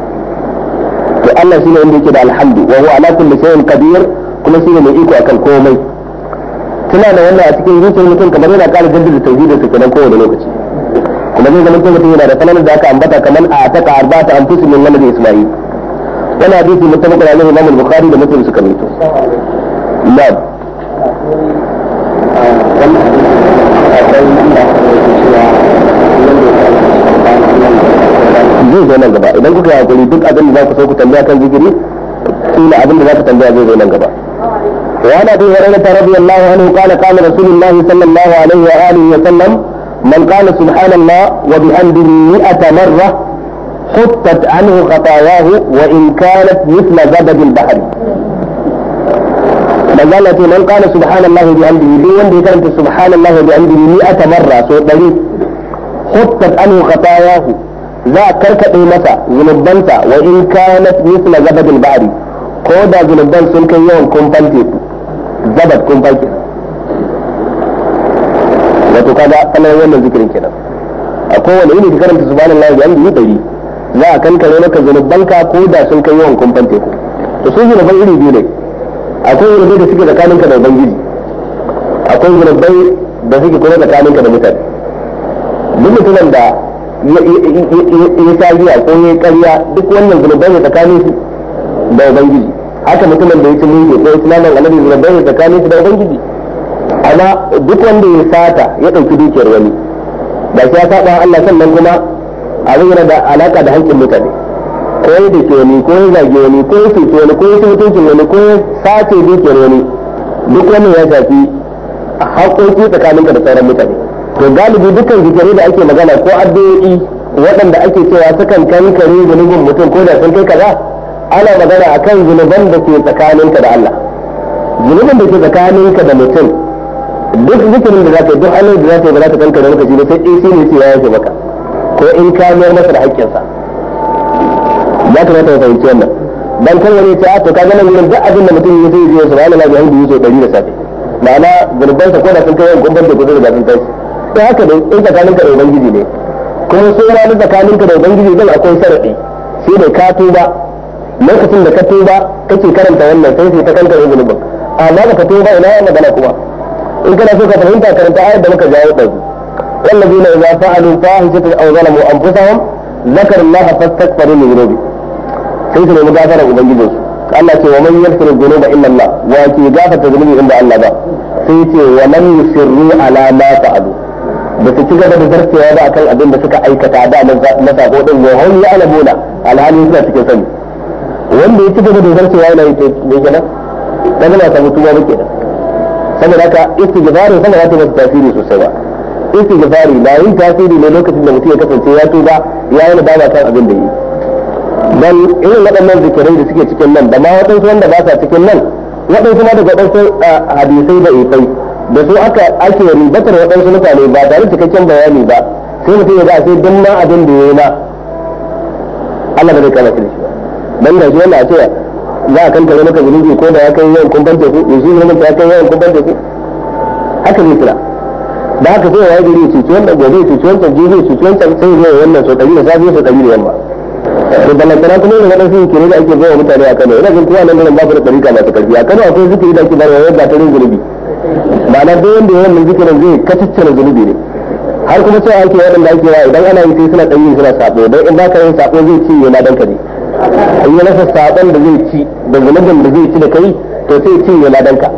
Speaker 1: to Allah shine wanda yake da alhamdu wa huwa ala kulli shay'in qadir kuma shine mai iko akan komai tana da wannan a cikin zuciyar mutum kamar yana ƙara jaddada tauhidin sa kenan kowane lokaci kuma zai zama mutum yana da falalar da aka ambata kamar a taka arbata an fusu min lamar isma'il wannan hadisi mutabakar alaihi imam al-bukhari da muslim suka rubuto na'am zai zo nan gaba idan kuka yi duk abin da za ku so ku tambaya kan zikiri kila abin da za ku tambaya zai zo nan gaba وعن ابي هريره رضي الله عنه قال قال رسول الله صلى الله عليه واله وسلم من قال سبحان الله وبحمده 100 مره حطت عنه خطاياه وان كانت مثل زبد البحر. مازالت من قال سبحان الله بحمده لي كانت سبحان الله بحمده 100 مره سو حطت عنه خطاياه za a karkaɗe masa zunubansa wa in kanat misla zabadil ba'ri ko da zunuban sun kai yawan kumfan teku zabad kumfan kenan wato kaga sanar wannan zikirin kenan a kowane yini ka karanta subhanallahi da yi dari za a kankare maka zunubanka ko da sun kai yawan kumfan teku to sun zunuban iri biyu ne akwai zunubai da suke tsakaninka da ubangiji akwai zunubai da suke kuma tsakaninka da mutane duk mutumin da ya tafiya ko ya karya duk wannan zunubai ya tsakanin su da ubangiji haka mutumin da ya ci mulki ko islamin ya tsakanin su da ubangiji amma duk wanda ya sata ya ɗauki dukiyar wani ba shi ya saba Allah sannan kuma da alaka da hankin mutane ko ya dace wani ko ya zage wani ko ya wani ko ya wani ko ya sace dukiyar wani duk ya shafi haƙoƙi tsakaninka da sauran mutane to galibi dukkan zikiri da ake magana ko addu'o'i waɗanda ake cewa sukan kankare zunubin mutum ko da sun kai kaza ana magana akan zunuban da ke tsakaninka da Allah zunubin da ke tsakaninka da mutum duk zikirin da zaka duk Allah da zaka ba zaka kankare maka shi ba sai in shi ne ce ya yake maka ko in ka mayar masa da haƙƙinsa ya kamata ka fahimci wannan dan kan wani ce a ah, to kaga nan gurin duk abin da mutum ya sai ya subhanallahi wa bihamdihi so 100 da safe ma'ana zunubansa ko da sun kai yawan gumbar da gudu da sun kai to haka dai in tsakaninka da ubangiji ne kuma sai ma duk tsakaninka da ubangiji din akwai sharadi sai ne ka tuba lokacin da ka tuba kake karanta wannan sai sai ta kanka da zulubin amma da ka tuba ina yana magana kuma in kana so ka fahimta karanta ayar da muka jawo ɗazu والذين إذا فعلوا فاحشة أو ظلموا أنفسهم ذكروا الله فاستكبروا من ذنوبهم sai su nemi gafarar ubangijin su Allah ce wa man yaghfiru dhunuba illa Allah wa ke gafarta zunubi inda Allah ba sai ce wa man yusirru ala ma fa'alu ba su ci gaba da zartewa ba akan abin da suka aikata da na sako din wa hum ya'lamuna alhali suna cikin sani wanda ya ci gaba da zartewa yana yi ne kenan dan ba samu tuwa ba kenan saboda haka istighfarin sama za ta masa tasiri sosai ba istighfari na yin tasiri ne lokacin da mutum ya kasance ya tuba ya yi nadama kan abin da yi dan irin waɗannan zikirai da suke cikin nan da ma waɗansu wanda ba sa cikin nan waɗansu ma daga waɗansu ah, hadisai da ifai da su aka ake ribatar waɗansu mutane ba tare cikakken bayani ba sai mutum ya ga sai duk ma abin da ya yi ba Allah ba zai kama shi dan da shi wannan a ce za a kanta maka zunubi ko da ya kai yawan kumban su yanzu ne mutum ya kai yawan kumban su haka ne kira da haka sai ya gari cuci da gobe cuci wancan jibi cuci da sai ya yi wannan so da safe so da yamma to balantana kuma yana waɗansu zikiri da ake bawa mutane a kano ina jin kowa nan gurin ba su da tarika masu karfi a kano akwai zikiri da ake barwa yadda ta rin zunubi ma'ana duk wanda ya wannan zikirin zai kaciccina zunubi ne har kuma cewa ake da ake wa idan ana yi sai suna ɗan yi suna sabo don in baka yin sabo zai ci yana dan ka ne in yi rasa sabon da zai ci da zunubin da zai ci da kai to sai ci yana dan ka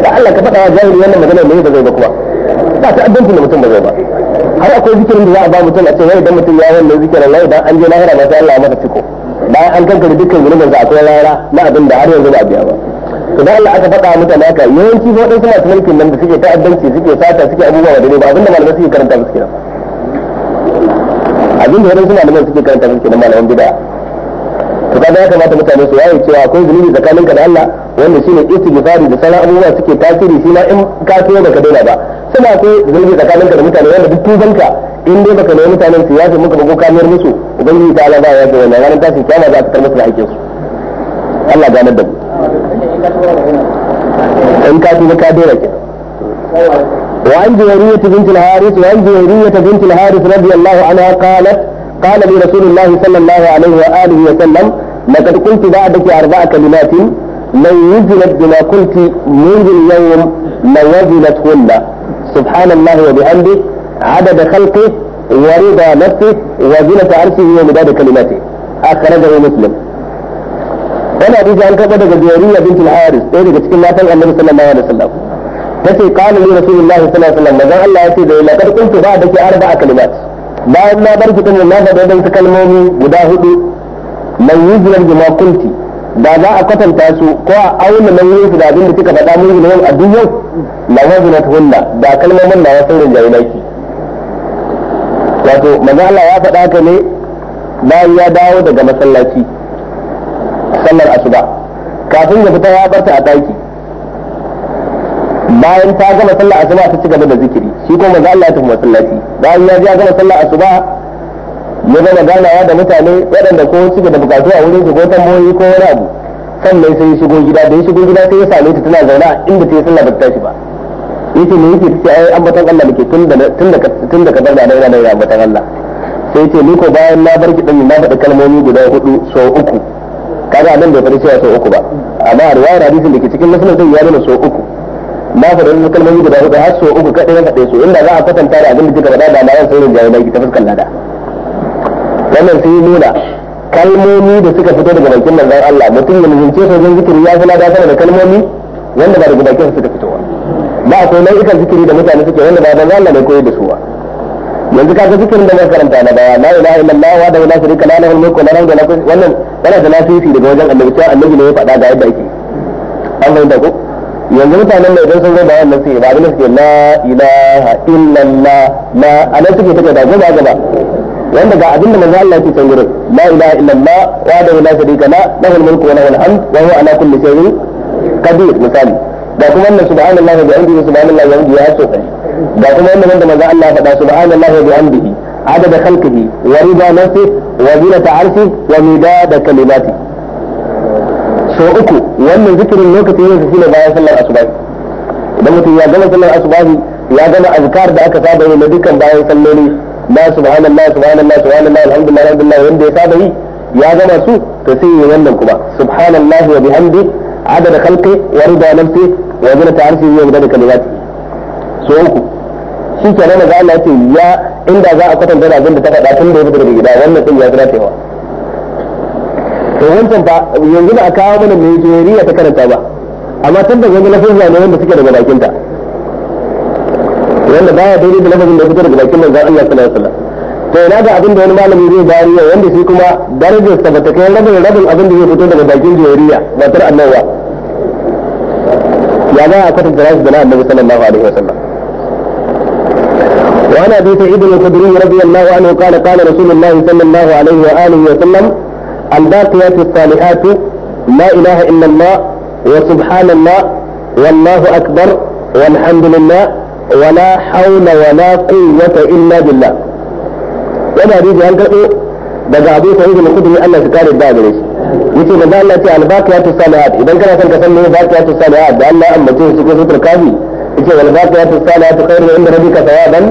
Speaker 1: da Allah ka faɗa wa jahili wannan magana ne ba zai ba kuma ba ta addinci da mutum ba zai ba har akwai zikirin da za a ba mutum a ce wai idan mutum ya yi wannan zikirin lai idan an je lahira ba sai Allah ya masa ciko bayan an kankare dukkan zunubin za a kai lahira na abin da har yanzu ba a biya ba to da Allah aka faɗa mutane haka yawanci fa wadansu masu mulkin nan da suke ta'addanci suke sata suke abubuwa da dai ba abinda malamai suke karanta musu kenan abinda wadansu da suke karanta musu kenan malaman bid'a to kaga ya kamata mutane su yaye cewa akwai zunubi ka da Allah wanda shine istighfari da sauran abubuwa suke tasiri shi na in ka tuwo ka daina ba sai akwai zunubi ka da mutane wanda duk tubanka in dai baka nemi mutanen su yafe muka ko kamar musu ubangiji ta Allah ba ya fi wannan ranar tashin kiyama za ta karɓi su da hakkin su Allah ganar da mu إن ka tuba وعن جويرية بنت الحارث وعن جويرية بنت الحارث رضي الله عنها قالت قال لي رسول الله صلى الله عليه وآله وسلم لقد قلت بعدك أربع كلمات لو وزنت بما قلت منذ اليوم لوزنتهن سبحان الله وبحمده عدد خلقه ورضا نفسه وزنة عرشه ومداد كلماته أخرجه مسلم wani hadisi an karɓa daga jariya bintul Haris ɗaya daga cikin matan Annabi sallallahu alaihi wasallam tace qala li rasulillahi sallallahu alaihi wasallam manzon Allah ya ce da laqad kuntu ba arba a kalimat bayan na bar ki na faɗa da wadansu kalmomi guda hudu man yujra bima kunti da za a kwatanta su ko a auna nauyin su da abin da kika faɗa mun nan a duniya yau la wazinat hunna da kalmomin na wasan rinjaye naki wato manzon Allah ya faɗa ka ne bayan ya dawo daga masallaci sallar asuba kafin ya fita ya barta a daki bayan ta gama sallar asuba ta ci gaba da zikiri shi kuma manzo Allah ya tafi masallaci bayan ya ji ya gama sallar asuba ya gama ganawa da mutane waɗanda ko suke da bukatu a wurin su ko tambayoyi ko wani abu sannan sai ya shigo gida da ya shigo gida sai ya same ta tana zauna, inda ta yi sallar ba ta tashi ba yace ne yake ce ai ambaton Allah nake tun da tun da tun da kadar da daina daina ambaton Allah sai yace ni ko bayan na bar ki din na faɗi kalmomi guda hudu so uku kaga nan bai faɗi cewa sau uku ba amma a riwayar hadisin da ke cikin musulun din ya nuna sau uku na faɗi wani kalmomi guda hudu har sau uku kaɗai ya faɗe su inda za a kwatanta da abin da kika faɗa da bayan sauran yi ta fuskar lada wannan sai nuna kalmomi da suka fito daga bakin manzon Allah mutum ya mijince su wajen zikiri ya fi lada sama da kalmomi wanda ba daga bakin suka fitowa ba akwai nau'ikan zikiri da mutane suke wanda ba manzon Allah ne koyar da su ba yanzu kaga zikirin da na karanta na baya la ilaha illallah wa la sharika la lahul mulku wa lahu al wannan yana da lafifi daga wajen annabi cewa annabi ne ya faɗa ga yadda ake an fahimta ko yanzu mutanen da idan sun zo bayan nan sai ba abin suke la ilaha illallah la anan suke take da gaba gaba wanda ga da manzo Allah yake can gurin la ilaha illallah wa da la sharika la lahul mulku wa lahu al wa huwa ala kulli shay'in qadir misali da kuma wannan subhanallah wa bihamdihi subhanallah wa bihamdihi ya so kai da kuma wannan wanda manzo Allah ya faɗa subhanallah wa bihamdihi عدد خلقه ورضا نفسه وزينة عرشه kalimati كلماته so uku wannan zikirin lokacin yin shi ne bayan sallar asubahi idan mutum ya gama sallar asubahi ya gama azkar da aka saba yi na dukkan bayan salloli na subhanallah subhanallah subhanallah alhamdulillah alhamdulillah wanda ya saba yi ya gama su to sai yi wannan kuma subhanallah wa bihamdi da wani عدد خلقه ورضا نفسه وزنة عرشه ومدد كلماته uku shi ke nan ga Allah ce ya inda za a kwatanta da abin da ta faɗa tun da ya fita daga gida wannan sai ya jira cewa to wancan ba yanzu ba a kawo mana mai jeriya ta karanta ba amma tun da yanzu na fahimta ne wanda suke daga bakinta wanda baya daidai da lafazin da ya fito daga bakin manzon Allah sallallahu alaihi wasallam to yana da abin da wani malami zai dariya wanda shi kuma darajar sa bata kai rabin rabin abin da zai fito daga bakin jawariya matar annawa ya za a kwatanta rashi da na annabi sallallahu alaihi wasallam وعن ابي سعيد الخدري رضي الله عنه قال قال رسول الله صلى الله عليه واله وسلم الباقيات الصالحات لا اله الا الله وسبحان الله والله اكبر والحمد لله ولا حول ولا قوه الا بالله wani hadisi an karɓo daga abu sahih al-khudri Allah su kare da gare shi yace manzo Allah ce al-baqiyatu salihat idan kana son ka san me baqiyatu salihat da Allah ambace shi ko sutur kafi yace wal baqiyatu salihat khairun inda rabbika thawaban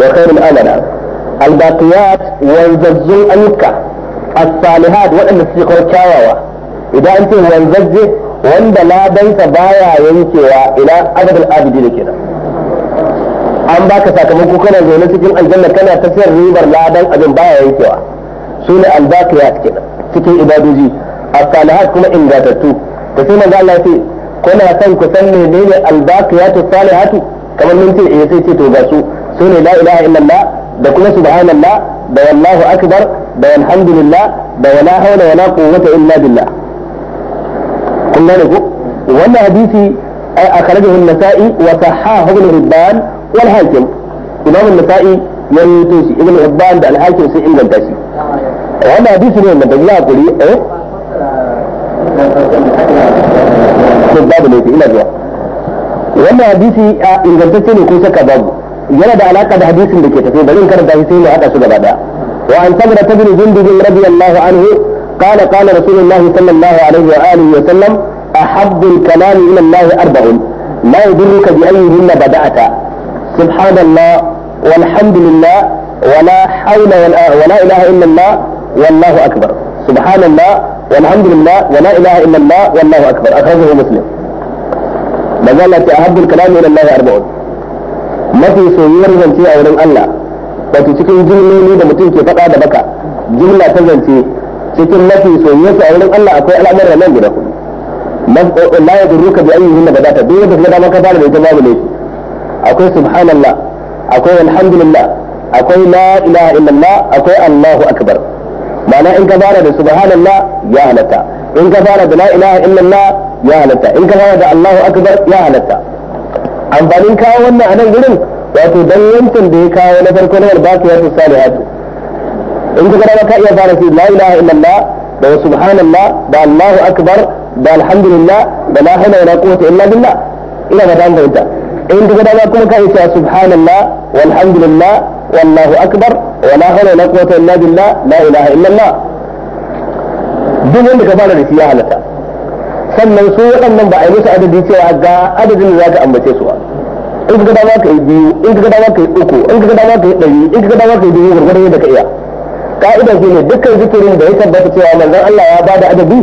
Speaker 1: wa khairun amala al-baqiyat wanzazzun anka as-salihat waɗanda suke kyawawa idan an ce wanzazze wanda ladansa baya yankewa ila abadul abidi da kenan an baka sakamako kana zaune cikin aljanna kana ta sayar ribar ladan abin baya yankewa su ne albaqiyat kenan cikin ibadoji as-salihat kuma ingatattu da sai manzo Allah ce kuna son ku san menene albaqiyat salihatu kamar mun ce eh sai ce to ga su su ne la ilaha illallah da kuma subhanallah da wallahu akbar da alhamdulillah da wala hawla wala quwwata illa billah kun gane wannan hadisi أخرجه النسائي وصححه ابن حبان والهاكم إمام النسائي يروي توسي ابن حبان بأن الهاكم سيئ ابن تاسي وما بيس من المدى لا أقول إيه, إيه؟ من باب الوثي إلا جوا وما بيس آه، إن كنت تسيني كوسا كباب يلا دا علاقة دا حديث بكي تسيني بل إن كانت دا حسيني أتا سوى بابا وعن ثمرة بن جندي رضي الله عنه قال قال رسول الله صلى الله عليه وآله وسلم أحب الكلام إلى الله أربع لا يدرك بأيهن بدأت سبحان الله والحمد لله ولا حول ولا, ولا إله إلا الله والله أكبر سبحان الله والحمد لله ولا إله إلا الله والله أكبر أخرجه مسلم ما زالت أحب الكلام إلى الله أربع ما في سوير a او Allah wato cikin jimloli da mutum ke faɗa da baka jimla ta zance cikin mafi soyuwar a wurin Allah akwai al'amuran nan guda hudu la yadurruka bi ayyihim badata duk wanda kaga dama ka fara da ita babu ne akwai subhanallah akwai alhamdulillah akwai la ilaha illallah akwai allahu akbar ma'ana in ka fara da subhanallah ya halatta in ka fara da la ilaha illallah ya halatta in ka fara da allahu akbar ya halatta amfanin kawo wannan a nan gurin wato dan yankin da ya kawo na farko na albaki ya salihatu in ka fara ka iya fara shi la ilaha illallah da subhanallah da allahu akbar da alhamdulillah da la haula wala quwwata illa billah ina ba dan gaita in daga dama kuma kai ta subhanallah walhamdulillah wallahu akbar wala haula wala quwwata illa billah la ilaha illa allah duk wanda ka fara da shi ya halaka sannan su waɗannan ba a yi musu adadi cewa ga adadin da za ka ambace su in ka dama ka yi biyu in ka dama ka yi uku in ka dama ka yi ɗari in ka dama ka yi dubu gurgurdan yadda ka iya ka'idar shi ne dukkan zikirin da ya tabbata cewa manzon Allah ya bada adadi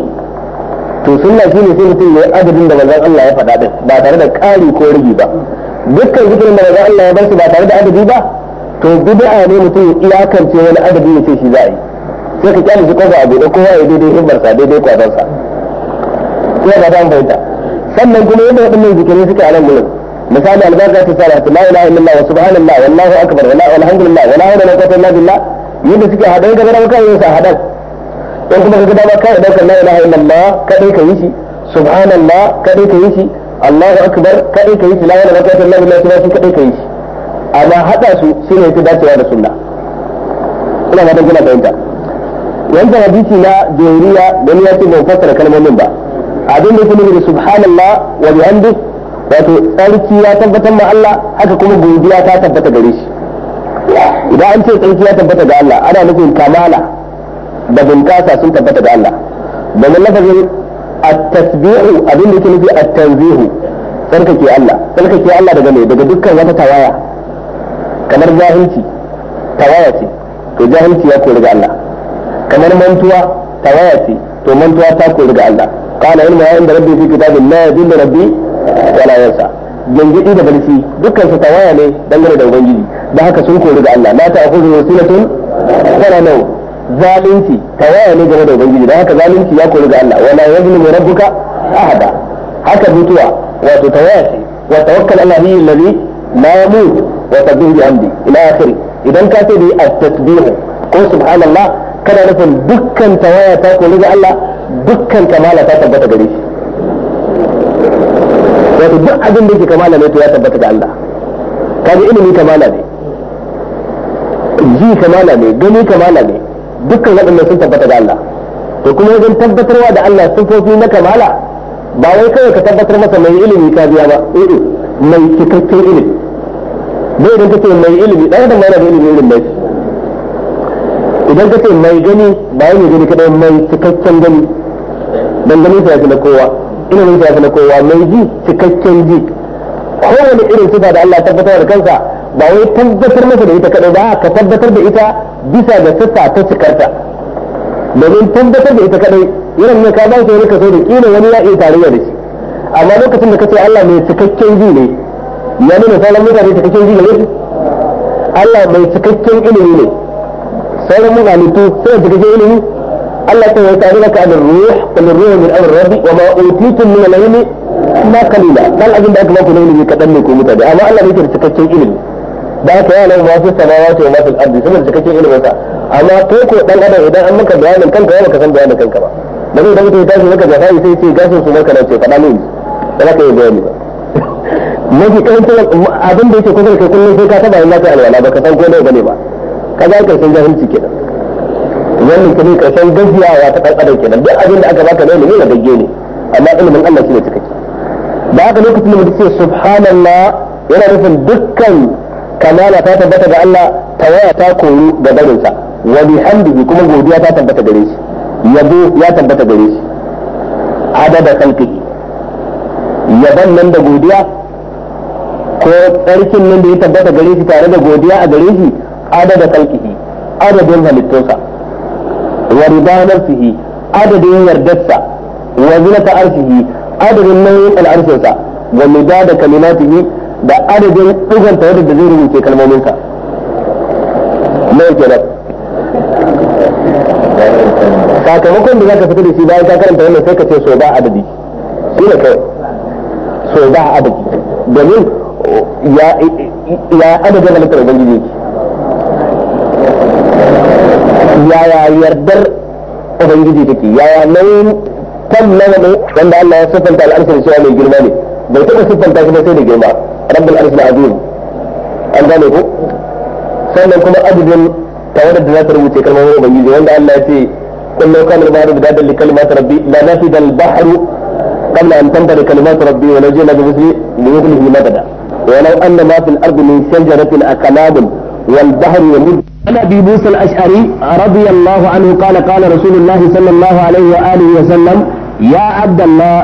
Speaker 1: to sunna ne sai mutum ya yi adadin da manzon Allah ya faɗa din ba tare da ƙari ko rigi ba dukkan zikirin da manzon Allah ya bar su ba tare da adadi ba to bid'a ne mutum ya iyakance wani adadi ya ce shi za a yi sai ka kyale shi kofa a buɗe kowa ya daidai himbar sa daidai kwadon sa ko ba ta fahimta sannan kuma yadda waɗannan zikirai suke a nan gurin misali albarka ta sa la ilaha illallah wa subhanallah wallahu akbar wa la ilaha illallah wa la hawla wa la quwwata illa billah yadda suke hadan gaban kawai sa hadan in kuma kaga dama kai daukar la ilaha illallah kadai ka yi shi subhanallah kadai ka yi shi allahu akbar kadai ka yi shi la ilaha illallah kadai ka yi shi kadai ka yi shi amma hada su shine yafi dacewa da sunna ina ga dangana fahimta wanda hadisi na joriya dan ya ce bai fassara kalmomin ba abin da yake da subhanallah wa bihamdi wato tsarki ya tabbatar ma Allah haka kuma godiya ta tabbata gare shi idan an ce tsarki ya tabbata ga Allah ana nufin kamala da bunkasa sun tabbata ga Allah domin lafazin at-tasbihu abin da yake nufi at-tanzihu tsarkake Allah tsarkake Allah daga me daga dukkan wata tawaya kamar jahilci tawaya ce to jahilci ya kori ga Allah kamar mantuwa tawaya ce to mantuwa ta kori ga Allah qala ilmu ya inda rabbi fi kitabin la yadillu rabbi wala yansa gangadi da balfi dukkan su tawaya ne dangane da ubangiji da haka sun kori ga Allah la ta'khudhu sinatun wala nawm zalunci tawaya ne game da ubangiji da haka zalunci ya kori ga Allah wala yazlimu rabbuka ahada haka mutuwa wato tawaya ce wa tawakkal ala hiya alladhi la yamut wa tabbih bi amdi ila akhiri idan ka ce dai at-tasbih ko subhanallah kana nufin dukkan tawaya ta kori ga Allah dukkan kamala ta tabbata gare shi wato duk abin da yake kamala ne to ya tabbata ga Allah kaji ilimi kamala ne ji kamala ne gani kamala ne dukkan waɗannan sun tabbata da Allah to kuma wajen tabbatarwa da Allah sun sifofi na kamala ba wai kawai ka tabbatar masa mai ilimi ka biya ba eh, eh mai cikakken ilimi bai idan kace mai ilimi dan da mai ilimi irin mai idan kace mai gani ba wai mai gani kadai mai cikakken gani dan gani sai ya na kowa ina sai ya na kowa mai ji cikakken ji kowane irin sifa da Allah tabbatar da kansa ba wai tabbatar masa da ita kadai ba ka tabbatar da ita bisa ga sassa ta cikarta domin tabbatar da ita kadai irin ne ka ba shi wani kaso da kila wani ya iya tarayya da shi amma lokacin da kace Allah mai cikakken ji ne ya nuna sauran mutane cikakken ji ne Allah mai cikakken ilimi ne sauran mutane to sai cikakken ilimi Allah ta yi tare maka da ruh da ruh min amr rabbi wa ma utitum min al-ilmi ma kalila dan abin da aka ba ku ne kadan ne ko mutane amma Allah ne ke cikakken ilimi da aka yana ma masu samawati wa ma fil ardi saboda cikakken ilimin sa amma ko ko dan adam idan an maka bayanin kanka yana ka san bayanin kanka ba dan idan mutum ya tashi maka jafa'i sai ce gashin su maka nan ce faɗa min ba za ka yi bayani ba mafi karancin abin da yake kusa da kai kullum sai ka taba yin lafiya alwala ba ka san ko nawa bane ba ka ga karshen jahilci kenan wannan kuma karshen gajiyawa ta dan adam kenan duk abin da aka baka ne ne na gagge ne amma ilimin Allah shine cikakke da haka lokacin da mutum ce subhanallah yana nufin dukkan kamala ta tabbata ga Allah tawaya ta koyi ga barinsa wa bihamdihi kuma godiya ta tabbata gare shi yabo ya tabbata gare shi adada khalqihi yaban nan da godiya ko tsarkin nan da ya tabbata gare shi tare da godiya a gare shi adada khalqihi adadin halittunsa wa rida nafsihi adadin yardarsa wa zinata arshihi adadin nauyin al'arshinsa wa midada kalimatihi da adadin ɗigon tawadar da zai rubuce kalmominsa mai kenan sakamakon da za ka fita da shi bayan ka karanta wannan sai ka ce so ba adadi shi ne kai so ba adadi domin ya adadin halittar ubangiji yake yaya yardar ubangiji take yaya nauyin kan nawa ne wanda Allah ya siffanta al'arsar cewa mai girma ne bai taɓa siffanta shi ba sai da girma رب arshil العظيم an gane ko sannan kuma adadin tawadar da za ta rubuce kalmomin ubangiji wanda Allah ya ce قل لو كان البحر مدادا لكلمات ربي لنفد البحر قبل ان تنفد كلمات ربي ولو جئنا بمثله لنغله ولو ان ما في الارض من شجره اكلام والبحر يمد عن ابي موسى الاشعري رضي الله عنه قال قال رسول الله صلى الله عليه واله وسلم يا عبد الله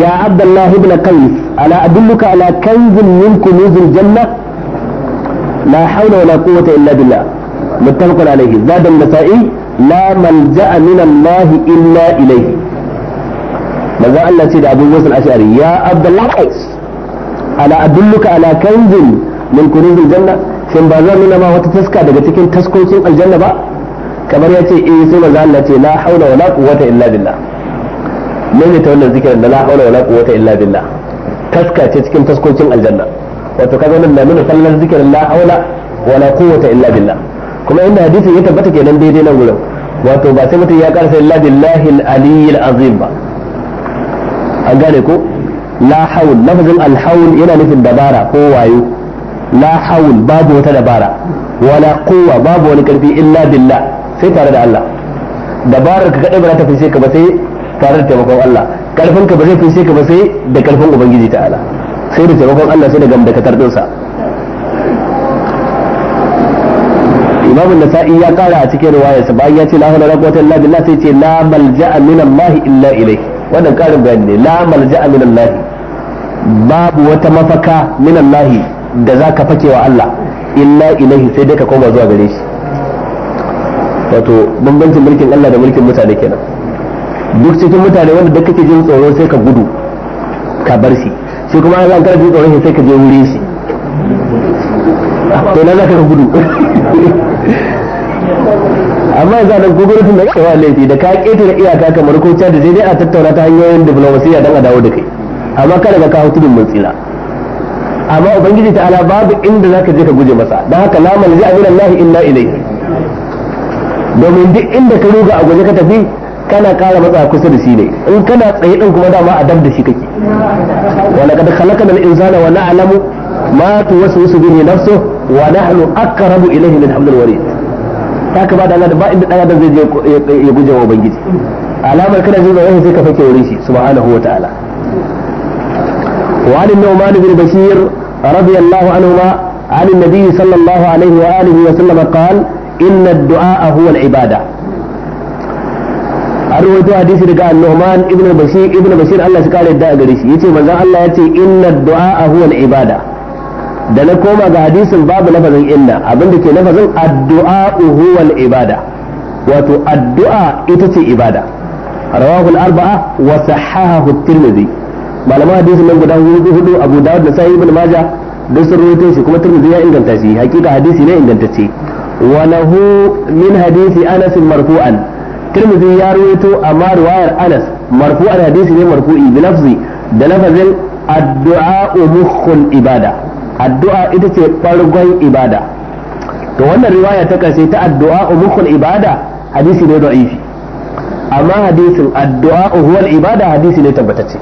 Speaker 1: يا عبد الله بن قيس ألا أدلك على كنز من كنوز الجنة لا حول ولا قوة إلا بالله متفق عليه زاد النسائي لا ملجأ من الله إلا إليه ماذا الله سيد أبو موسى الأشعري يا عبد الله قيس ألا أدلك على كنز من كنوز الجنة shin ba zan nuna ma wata taska daga cikin taskokin aljanna ba kamar ya ce eh sai maza Allah ce la haula wala quwwata illa billah maimaita wannan zikirin da la haula wala quwwata illa billah taska ce cikin taskokin aljanna wato kaga wannan na nuna fallan zikirin la haula wala quwwata illa billah kuma inda hadisin ya tabbata kenan daidai nan gurin wato ba sai mutum ya karasa illa billahi al-aliyyil azim ba an gane ko la haul lafazin al-haul yana nufin dabara ko wayo la haul babu wata dabara wala quwwa babu wani karfi illa billah sai tare da Allah dabarar ka kadai ba za ta fice ka ba sai tare da taimakon Allah karfin ka ba zai fishe ka ba sai da karfin ubangiji ta'ala sai da taimakon Allah sai da din sa. imam an-nasa'i ya kara a cikin sa bayan ya ce la hawla wala illa billah sai ce la malja'a min Allah illa ilayhi wannan karin bayani ne la malja'a min Allah babu wata mafaka min Allah da zaka fake wa Allah illa ilayhi sai dai ka koma zuwa gare shi wato bambancin mulkin Allah da mulkin mutane kenan duk cikin mutane wanda duk kake jin tsoro sai ka gudu ka bar shi sai kuma an zan karfi tsoron shi sai ka je wuri shi to na za ka gudu amma yanzu nan ko da kawai laifi da ka ƙetare iyaka kamar ko da sai dai a tattauna ta hanyoyin diplomasiya don a dawo da kai amma kada ka kawo tudun mun tsira amma ubangiji ta ala babu inda za ka je ka guje masa don haka la malja min Allah illa ilayhi domin duk inda ka ruga a guje ka tafi kana kara matsa kusa da shi ne in kana tsaye din kuma dama a dab da shi kake wa laqad khalaqnal insana wa na'lamu ma tuwaswisu bihi nafsuhu wa nahnu aqrabu ilayhi min hablil warid haka ba da Allah ba inda dan adam zai je ya guje wa ubangiji alamar kana jin zai sai ka fake wurin shi subhanahu wa ta'ala وعن النعمان بن بشير رضي الله عنهما عن النبي صلى الله عليه وآله وسلم قال إن الدعاء هو العبادة ruwaito hadisi daga Nu'man ibn bashir ibn bashir Allah shi kare da gare shi yace manzon Allah yace inna du'a huwa al-ibada da na koma ga hadisin babu lafazin inna abinda ke lafazin addu'a huwa al-ibada wato addu'a ita ce ibada rawahu al-arba'a wa sahahahu at-tirmidhi malama hadisin nan guda hudu Abu Dawud da Sahih ibn Majah duk sun rawaito shi kuma Tirmidhi ya inganta shi hakika hadisi ne ingantacce wa lahu min hadisi Anas marfu'an tirmidhi ya rawaito amma riwayar anas marfu'an hadisi ne marfu'i bi lafzi da lafazin addu'a mukhul ibada addu'a ita ce bargon ibada to wannan riwaya ta karshe ta addu'a mukhul ibada hadisi ne da'ifi amma hadisin addu'a huwal ibada hadisi ne tabbatacce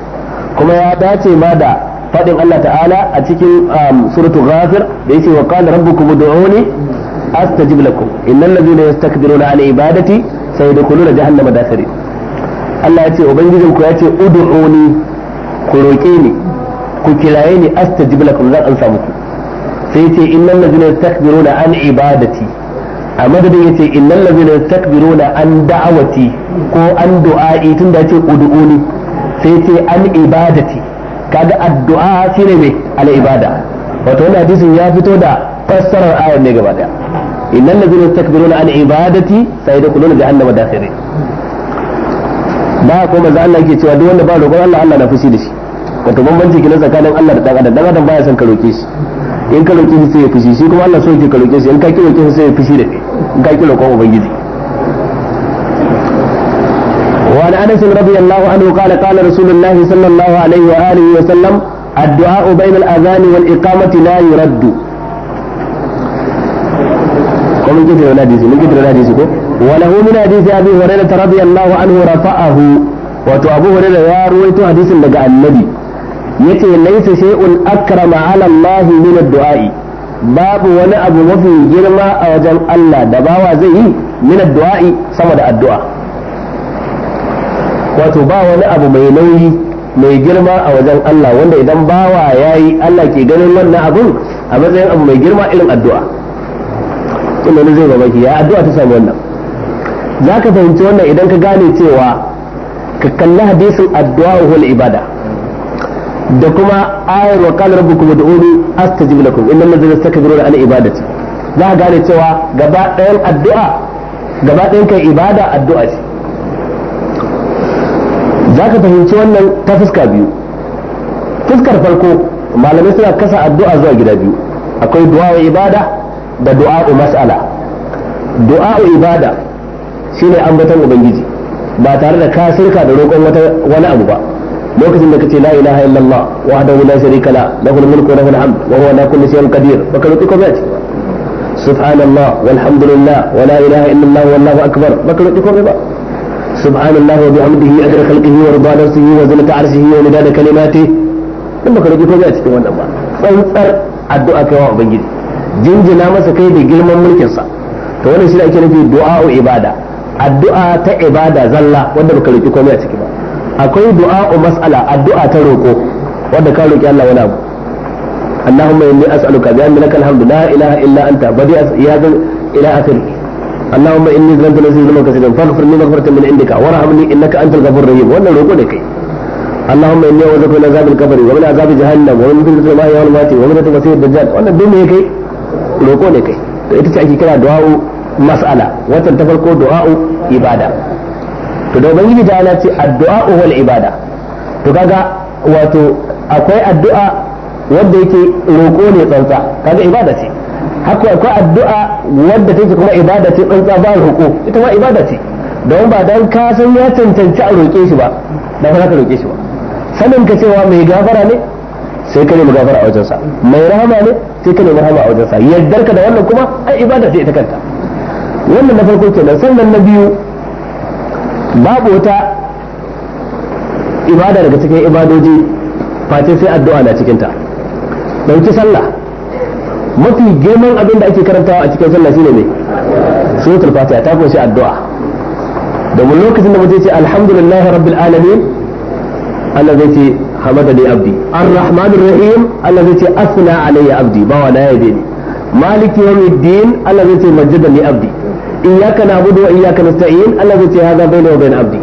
Speaker 1: kuma ya dace ma da fadin Allah ta'ala a cikin um, suratul ghafir da yake wa qala rabbukum ud'uni astajib lakum innal ladhina yastakbiruna an ibadati sai da kullu jahannama sare Allah ya ce ubangijin ku ya ce ud'uni ku roke ni ku kiraye ni astajib lakum zan ansa muku sai ce innal ladzina yastakbiruna an ibadati a madadin yace innal ladzina yastakbiruna an da'awati ko an du'a'i tunda yace ud'uni sai ce an ibadati kaga addu'a shine ne al ibada wato wannan hadisin ya fito da fassarar ayar ne gaba daya إن الذين يستكبرون عن عبادتي سيدخلون جهنم داخرين ba ko maza Allah yake cewa duk wanda ba roƙon Allah Allah na fushi da shi wato bambanci kina tsakanin Allah da dan adam dan adam baya son ka roƙe shi in ka roƙe shi sai ya fushi shi kuma Allah so yake ka roƙe shi in ka ki roƙe shi sai ya fushi da kai in ka ki roƙon ubangiji wa an anas radiyallahu anhu qala qala rasulullah sallallahu alaihi wa alihi wa sallam addu'a baina al-adhan wal iqamati la yuraddu ومن mun kidda wani hadisi mun kidda wani hadisi ko wa lahu min hadisi da hurairah radiyallahu anhu rafa'ahu wato abu hurairah ya ruwaito hadisin daga annabi yace laysa shay'un akrama 'ala Allah min ad-du'a'i babu wani abu mafi girma a wajen Allah da bawa zai yi min ad sama wato ba wani abu mai nauyi mai girma a wajen Allah wanda idan bawa ya yi Allah ke ganin wannan abun a matsayin abu mai girma irin addu'a haka da zai ki ya addu'a ta samu wannan za ka fahimci wannan idan ka gane cewa ka kalli hadisin addu'a wal ibada da kuma ayar wa qala rabbukum ud'uni astajib lakum innal da yastakbiruna an ibadati za ka gane cewa gaba ɗayan addu'a gaba ɗayan kai ibada addu'a ce za ka fahimci wannan ta fuska biyu fuskar farko malamai suna kasa addu'a zuwa gida biyu akwai du'a ibada da du'a'u mas'ala du'a'u ibada shine ambaton ubangiji ba tare da ka sirka da roƙon wani abu ba lokacin da kace la ilaha illallah wahdahu la sharika la lahul mulku wa lahul hamd wa huwa ala kulli shay'in qadir baka roƙi komai a ciki subhanallah walhamdulillah wa la ilaha illallah wallahu akbar baka roƙi komai ba subhanallah wa bihamdihi ajra khalqihi wa rida nafsihi wa zinata arshihi wa nidada kalimatihi in baka roƙi komai a cikin wannan ba tsantsar addu'a kai wa ubangiji jinjina masa kai da girman mulkinsa to wannan shi ake nufi du'a'u ibada addu'a ta ibada zalla wanda baka roki komai a ciki ba akwai du'a'u mas'ala addu'a ta roko wanda ka roki Allah wani abu اللهم إني أسألك بأن لك الحمد لا إله إلا أنت بديع يا إلى آخره اللهم إني ظلمت نفسي ظلما كثيرا فاغفر لي مغفرة من عندك وارحمني إنك أنت الغفور الرحيم وأنا روكو لكي اللهم إني أعوذ بك من عذاب القبر ومن عذاب جهنم ومن فتنة الماء والموت ومن فتنة المسيح الدجال وأنا دون هيك roƙo ne kai to ita ce ake kira du'a'u mas'ala watan ta farko du'a'u ibada to da ubangiji ta ala ce addu'a wal ibada to kaga wato akwai addu'a wanda yake roƙo ne tsantsa kaga ibada ce haka akwai addu'a wanda take kuma ibada ce tsantsa ba roƙo ita ma ibada ce don ba dan ka san ya cancanci a roƙe shi ba da za ka roƙe shi ba sanin ka cewa mai gafara ne sai ka nemi gafara a wajensa mai rahama ne sai ka nemi rahama a wajensa yaddar ka da wannan kuma ai ibada ce ita kanta wannan na farko kenan sannan na biyu babu wata ibada daga cikin ibadoji face sai addu'a na cikin ta dauki sallah mafi girman abin da ake karantawa a cikin sallah shine ne suratul fatiha ta kunshi addu'a domin lokacin da mutum ya ce alhamdulillahi rabbil alamin Allah zai ce hamadani abdi ar-rahman ar-rahim Allah zai ce asna alayya abdi ba wala yabe ni maliki yawmiddin Allah zai ce ni abdi iyyaka na'budu wa iyyaka nasta'in Allah zai ce hadha bayna wa bayn abdi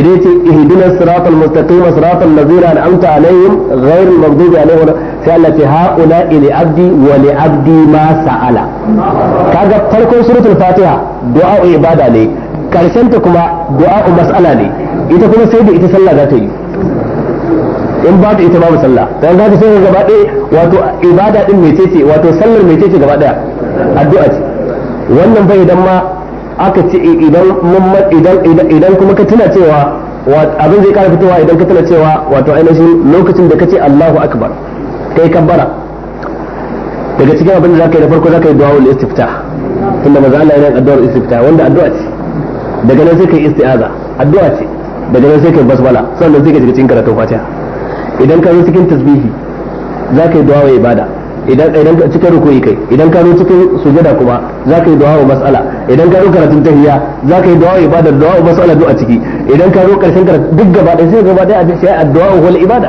Speaker 1: idan ce ihdina as-sirata al-mustaqim sirata allazina an'amta alayhim ghayr al-maghdubi alayhim sai Allah ce haula ila abdi wa li abdi ma sa'ala kaga farkon suratul fatiha du'a ibada ne karshen ta kuma du'a mas'ala ne ita kuma sai da ita sallah za ta yi in babu ita babu sallah dan zaka sai gaba ɗaya wato ibada din ce wato sallar ce gaba ɗaya addu'a ce wannan ba idan ma aka ce idan idan idan kuma ka tuna cewa abin zai kara fitowa idan ka tuna cewa wato ainihin lokacin da ka ce Allahu akbar kai kabbara daga cikin abin da zaka yi da farko zaka yi du'a istiftah tunda maza Allah yana addu'ar istifta wanda addu'a ce daga nan sai kai isti'aza addu'a ce daga nan sai kai basbala sannan sai ka shiga cikin karatun fatiha idan ka zo cikin tasbihi za ka yi duwa wa ibada idan idan cikin rukuni kai idan ka zo cikin sujada kuma za ka yi duwa wa mas'ala idan ka zo karatun tahiyya za ka yi duwa wa ibada duwa wa mas'ala duk a ciki idan ka zo karshen karatu duk gaba ɗaya sai gaba ɗaya a cikin sai addu'a wal ibada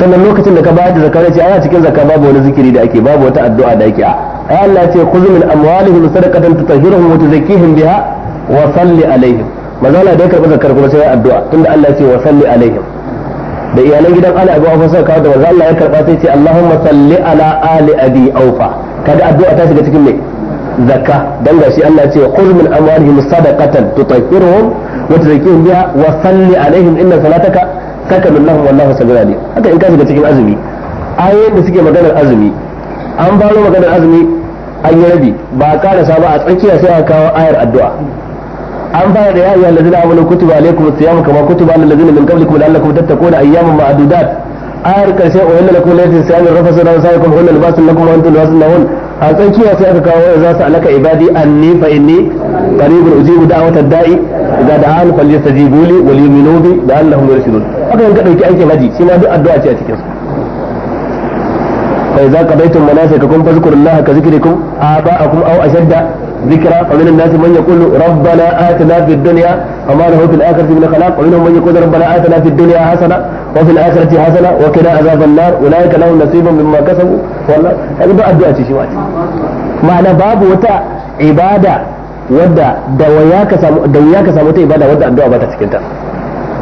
Speaker 1: sannan lokacin da ka bayar da zakka ce ai cikin zakka babu wani zikiri da ake babu wata addu'a da ake a ai Allah ya ce khudh min amwalihim sadaqatan tutahhiruhum wa tuzakkihim biha wa salli alaihim mazala da ya karɓi zakar kuma sai ya addu'a tunda Allah ya ce wa salli alaihim da iyalan gidan Ali Abu Aufa suka kawo da manzo Allah ya karɓa sai ce Allahumma salli ala ali abi aufa kada addu'a ta shiga cikin me zakka dan gashi Allah ya ce qul min amwalihim sadaqatan tutahhiruhum wa tuzakkihim biha wa salli alaihim inna salataka sakanun lahum wallahu samiu alim haka in ka shiga cikin azumi ayoyin da suke maganar azumi an faro maganar azumi an yi rabi ba a da ba a tsakiya sai a kawo ayar addu'a an fara da ya ayyuhal ladzina amanu kutiba alaykumus siyam kama kutiba alal ladzina min qablikum la'allakum tattaquna ayyaman ma'dudat ayar karshe wa inna lakum laysa siyam rafasu da sa'ikum hunna libasun lakum wa antum libasun lahun a tsakiya sai aka kawo za su alaka ibadi anni fa inni qaribun ujibu da'watad da'i idza da'an falyastajibu li wa liyuminu bi la'allahum yarshudun aka yanka ka dauki aikin haji shi ma duk addu'a ce a cikin su فإذا قضيتم مناسككم فاذكروا الله كذكركم آباءكم أو أشد ذكرى ومن الناس من يقول ربنا آتنا في الدنيا وما له في الآخرة من خلاق ومنهم من يقول ربنا آتنا في الدنيا حسنة وفي الآخرة حسنة وقنا عذاب النار أولئك لهم نصيب مما كسبوا والله هذه بقى الدعاء شي واجب معنى باب وتا عبادة wadda da waya ka samu da waya ka samu ta ibada wadda addu'a ba ta cikin ta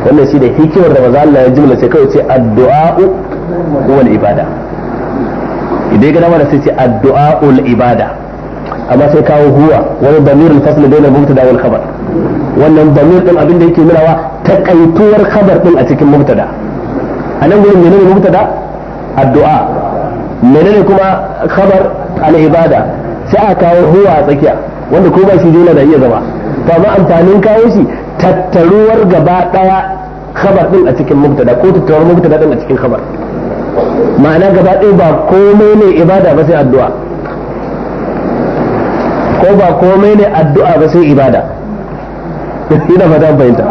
Speaker 1: wannan shi da hikimar da manzo Allah ya jimla sai kawai ce addu'a wal ibada idai ga dama da sai ce addu'a ul ibada amma sai kawo huwa wani damir al-fasl bainal mubtada wal khabar wannan damir din abinda da yake nunawa takaituwar khabar din a cikin mubtada a nan gurin menene mubtada addu'a menene kuma khabar al-ibada sai a kawo huwa a tsakiya wanda ko ba shi dole da iya zama to amma amfanin kawo shi tattaruwar gaba daya khabar din a cikin mubtada ko tattaruwar mubtada din a cikin khabar ma'ana gaba ɗaya ba komai ne ibada ba sai addu'a ko ba komai ne addu'a ba sai ibada ina fata fahimta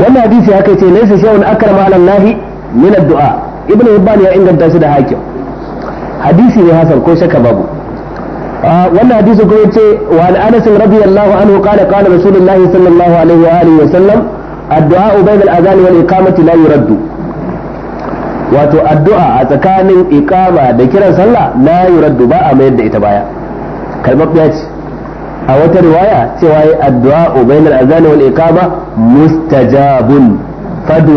Speaker 1: wannan hadisi haka ce laisa shay'un akrama ala Allah min addu'a ibnu hibban ya inganta shi da hakim hadisi ne hasan ko shaka babu wannan hadisi ko yace wa an anas radiyallahu anhu qala qala rasulullahi sallallahu alaihi wa alihi wa sallam addu'a bain al-azan wal iqamati la yuraddu wato addu'a a tsakanin iqama da kiran sallah la yuraddu ba a mayar da ita baya kalmar ɗaya ce a wata riwaya cewa yi addu'a bain al-azan wal iqama mustajabun fad'u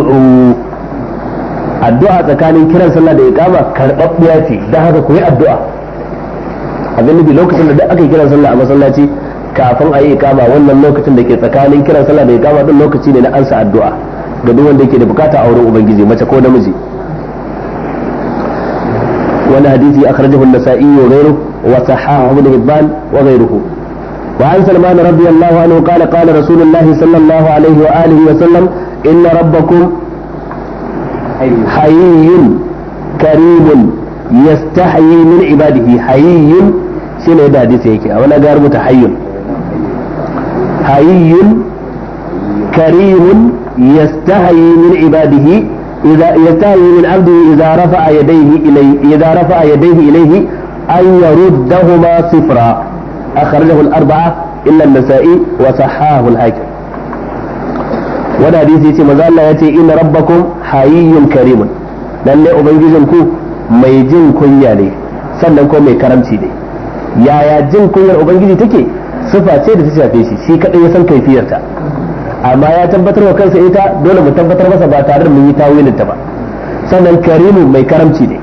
Speaker 1: addu'a tsakanin kiran sallah da iqama karɓaɓɓiya ce don haka ku yi addu'a abin nufi lokacin da aka kiran sallah a masallaci kafin a yi ikama wannan lokacin da ke tsakanin kiran sallah da ikama din lokaci ne na ansa addu'a ga duk wanda yake da bukata a wurin ubangiji mace ko namiji wani hadisi akhrajahu an-nasa'i wa ghayru wa sahahu ibn hibban wa ghayruhu wa an salman radiyallahu anhu qala qala rasulullah sallallahu alayhi wa alihi wa sallam inna rabbakum hayyun karimun yastahyi min ibadihi hayyun shine da hadisi yake a wala garbu ta hayyun حي كريم يستحي من عباده إذا يستهي من عبده إذا رفع يديه إليه إذا رفع يديه إليه أن يردهما صفرا أخرجه الأربعة إلا النسائي وصححه الحاكم ولا ديسي مازال يأتي إن ربكم حي كريم لأن أبنجزنكو ميجنكو يالي سنكو ميكرمتي دي يا يا جنكو يا أبنجزي تكي sufa ce da ta shafe shi shi kadai ya san kaifiyarta amma ya tabbatar wa kansa ita dole mu tabbatar masa ba tare da mun yi tawilin ta ba sannan karimu mai karamci ne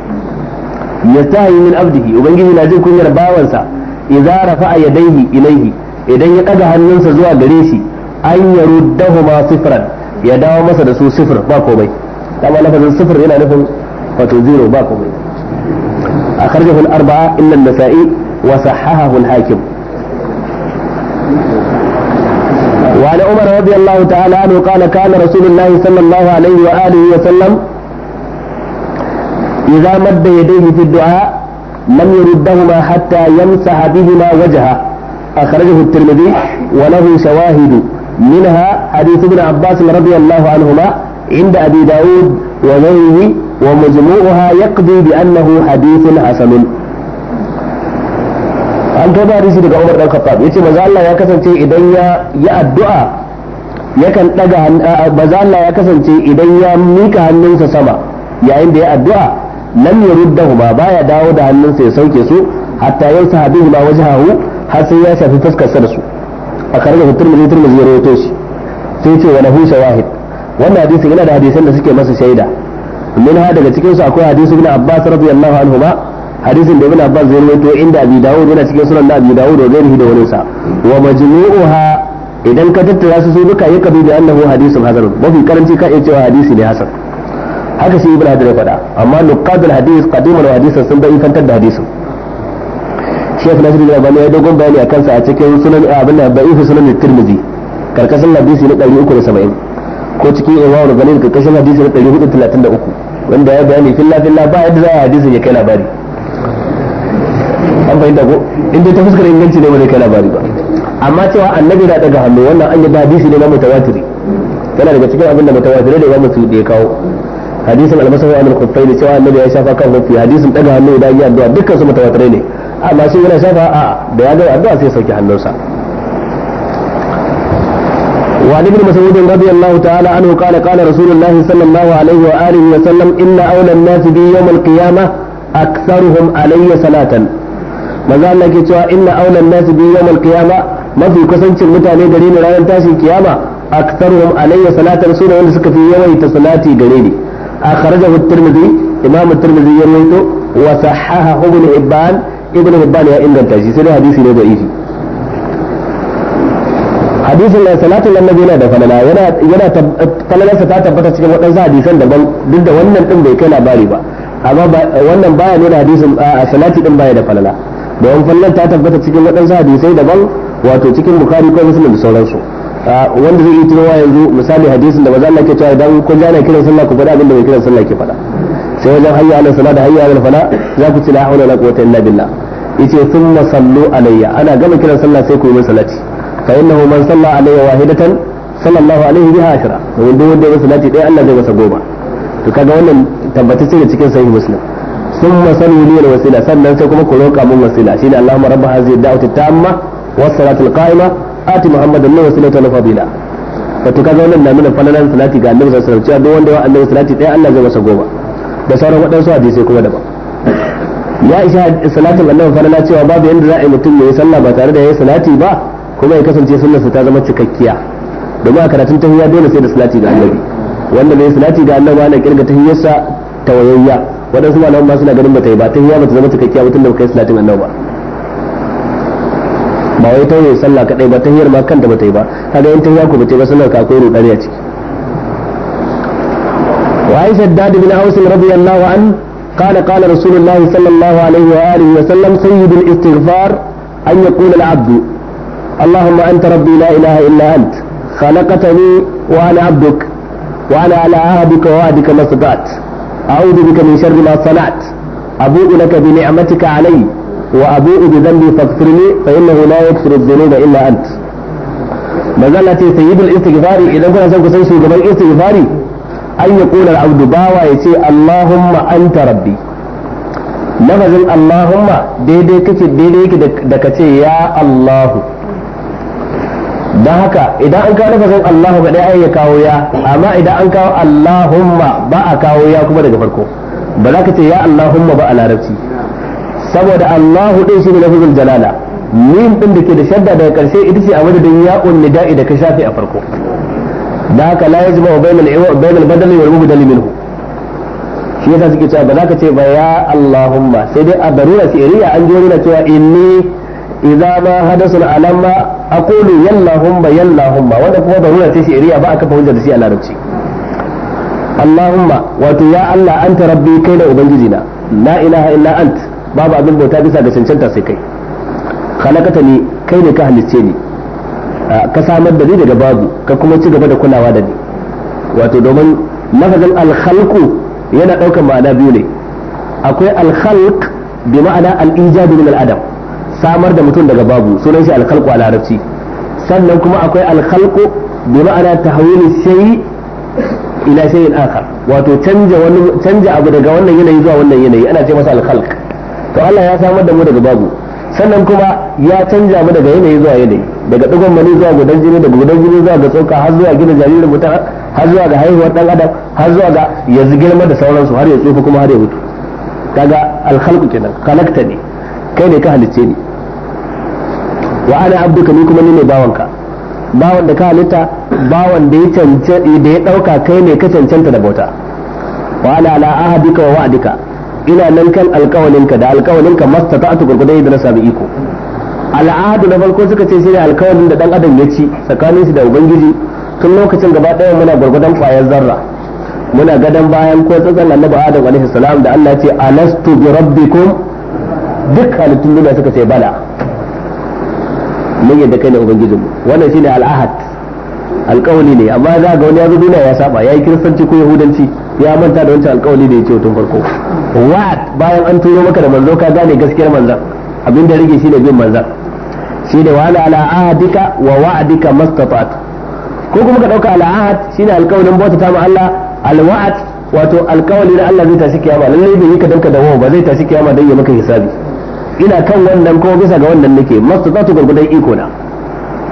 Speaker 1: yastahi min abdihi ubangiji na jin kunyar bawansa idza rafa'a yadayhi ilaihi idan ya daga hannunsa zuwa gare shi an ma sifran ya dawo masa da su sifir ba komai dama lafazin sifir yana nufin wato zero ba komai akhrajahu al-arba'a illa an-nasa'i wa sahahahu al-hakim وعن عمر رضي الله تعالى عنه قال كان رسول الله صلى الله عليه وآله وسلم إذا مد يديه في الدعاء لم يردهما حتى يمسح بهما وجهه أخرجه الترمذي وله شواهد منها حديث ابن عباس رضي الله عنهما عند أبي داود وغيره ومجموعها يقضي بأنه حديث حسن an kai risi daga Umar dan Khattab yace manzo Allah ya kasance idan ya yi addu'a yakan daga manzo Allah ya kasance idan ya mika hannunsa sama yayin da ya addu'a lam ba baya dawo da hannunsa ya sauke su hatta sahabi wajen wajahu har sai ya shafi fuskar sa da su a kare da turmi turmizi zai rawaito shi sai ce wa lahu shawahid wannan hadisin yana da hadisan da suke masa shaida min ha daga cikin su akwai hadisi ibn Abbas radiyallahu anhu ba hadisin da ibn abbas zai rawaito inda abi dawud yana cikin sunan da abi dawud da gairihi da wani sa wa majmu'uha idan ka tattara su su duka yaka bi da annahu hadisun hasan mafi karanci ka iya cewa hadisi ne hasan haka shi ibn hajar ya faɗa amma nuqadul hadis qadimul hadisan sun bai fantar da hadisin Sheikh Nasir da bane ya dogon bayani akan sa a cikin sunan abin da bai sunan Tirmidhi karkashin hadisi na 370 ko cikin Imam Bukhari karkashin hadisi na 433 wanda ya bayani filla filla ba yadda za a hadisin ya kai labari an fahimta ko in dai ta fuskar inganci ne ba kai labari ba amma cewa annabi na daga hannu wannan an yadda hadisi ne na mutawatiri yana daga cikin abin da mutawatiri da imamu su da ya kawo hadisin almasahu an al-khuffaini cewa annabi ya shafa kan khuffi hadisin daga hannu da yi addu'a dukkan su mutawatirai ne amma shi yana shafa a da ya ga addu'a sai sauke hannunsa وعن ابن مسعود رضي الله تعالى عنه قال قال رسول الله صلى الله عليه وآله وسلم إن أولى الناس بي يوم القيامة أكثرهم علي صلاة manzo Allah ke cewa inna aula an-nas bi yawm qiyama mafi kusancin mutane gare ni ranar tashin kiyama aktharuhum alayya salatan sura wanda suka fi yawaita salati gare ni akhrajahu at-tirmidhi imam at-tirmidhi ya rawaito wa sahahahu ibn hibban ibn hibban ya inganta shi sai hadisi ne da da'ifi hadisin nan salatin annabi yana da falala yana yana falalarsa ta tabbata cikin waɗansu hadisan daban duk da wannan din bai kai labari ba amma wannan baya nuna hadisin a salati din baya da falala da yan fallan ta tabbata cikin waɗansu hadisai daban wato cikin bukari ko muslim da sauransu wanda zai yi tunawa yanzu misali hadisin da ba za a ke cewa idan kun jana kiran sallah ku faɗa abinda mai kiran sallah ke faɗa sai wajen hayya ala sallah da hayya ala fala za ku ci la hawla wala quwwata illa billah yace thumma sallu alayya ana gama kiran sallah sai ku yi salati fa innahu man salla alayya wahidatan sallallahu alaihi biha ashra domin duk wanda ya salati dai Allah zai masa goma to kaga wannan tabbatacce da cikin sahih muslim ثم سلوا لي الوسيله سنن سي كما كروكا من وسيله شيء اللهم رب هذه الدعوه التامه والصلاه القائمه ات محمد من وسيله الفضيله wato kaga wannan na nuna falalan salati ga annabi sallallahu alaihi wasallam cewa duk wanda ya annabi salati ɗaya Allah zai masa goma da sauran waɗansu hadisi kuma daban ya isha salatin annabi falala cewa babu yanda za a yi mutum ya yi sallah ba tare da ya yi salati ba kuma ya kasance sa ta zama cikakkiya domin a karatun tahiyya dole sai da salati ga annabi wanda bai salati ga annabi ana kirga tahiyyarsa tawayayya waɗansu malaman ba suna ganin bata yi ba ta hiya bata zama cikakkiya mutum da kai salatin annabi ba ba wai ta yi sallah kadai ba ta hiyar ma kanta bata yi ba kaga in ta hiya ku bata yi ba sallar ka akwai rudani a ciki wa Aisha dad bin Aus radiyallahu an قال قال رسول الله صلى الله عليه وآله وسلم سيد الاستغفار أن يقول العبد اللهم أنت ربي لا إله إلا أنت خلقتني وأنا عبدك وأنا على عهدك ووعدك ما استطعت أعوذ بك من شر ما صنعت أبوء لك بنعمتك علي وأبوء بذنبي فاغفر فإنه لا يغفر الذنوب إلا أنت manzala ce sayyidul istighfari idan kuna son ku san shugaban istighfari an ya kula abdu bawa ya ce allahumma anta rabbi lafazin allahumma daidai kake daidai yake da kace ya allahu don haka idan an kawo lafazin Allahu ga ɗaya ya kawo ya amma idan an kawo Allahumma ba a kawo ya kuma daga farko ba za ka ce ya Allahumma ba a larabci saboda Allahu din shi ne lafazin jalala mim din da ke da shadda daga karshe ita ce a madadin ya'un nida'i da ka shafe a farko da haka la yajma wa bainal iwa bainal badal wal mubdal minhu shi yasa suke cewa ba za ka ce ba ya Allahumma sai dai a darura fi'liya an jori na cewa inni idza ma hadasul alamma aqulu yallahumma yallahumma wanda kuma ruwa ce riya ba aka fahimta da shi a larabci allahumma wato ya allah anta rabbi kai da ubangiji na la ilaha illa ant babu abin bauta bisa ga cancanta sai kai khalaqata ni kai ne ka halicce ni ka samar da ni daga babu ka kuma ci gaba da kulawa da ni wato domin lafazin alhalku yana ɗaukar ma'ana biyu ne akwai alhalk bi ma'ana al-ijadu min al-adam samar da mutum daga babu sunan shi alkhalqu a larabci sannan kuma akwai alkhalqu bi ma'ana tahwilu shay'i ila shay'in akhar wato canja wani canja abu daga wannan yanayi zuwa wannan yanayi ana ce masa alkhalq to Allah ya samar da mu daga babu sannan kuma ya canja mu daga yanayi zuwa yanayi daga dugon mani zuwa gudan jini daga gudan jini zuwa ga tsoka har zuwa gina jaririn mutum har zuwa ga haihuwar dan adam har zuwa ga yanzu girma da sauransu har ya tsufa kuma har ya mutu kaga alkhalq kenan khalaqtani kai ne ka halicce ni wa ana abduka ni kuma ni ne bawanka bawan da ka halitta bawan da ya cancanta da ya dauka kai ne ka cancanta da bauta wa ana ala ahadika wa wa'adika ina nan kan alkawalinka da alkawalinka mastata'atu gurgudai da na sami iko al'adu na farko suka ce shine alkawalin da dan adam ya ci tsakanin shi da ubangiji tun lokacin gaba daya muna gurgudan kwayar zarra muna gadan bayan ko tsatsan annabi adam alaihi salam da Allah ya ce alastu bi rabbikum duk halittun duniya suka ce bala mun yadda kai ne ubangijin mu wannan shine al'ahad alƙawali ne amma za ga wani ya zo duniya ya saba yayi kiristanci ko yahudanci ya manta da wancan alƙawali da ya ce tun farko wa'ad bayan an turo maka da manzo ka gane gaskiyar manzan abinda rage shine bin manzan shi da wa'ad ala ahadika wa wa'adika mastata'at ko kuma ka dauka ala ahad shine alƙawalin bauta ta ma Allah alwa'ad wato alƙawali da Allah zai tashi kiyama lalle bai yi ka danka da wawa ba zai tashi kiyama dan ya maka hisabi ina kan wannan kuma bisa ga wannan nake mastatatu gurgudan iko na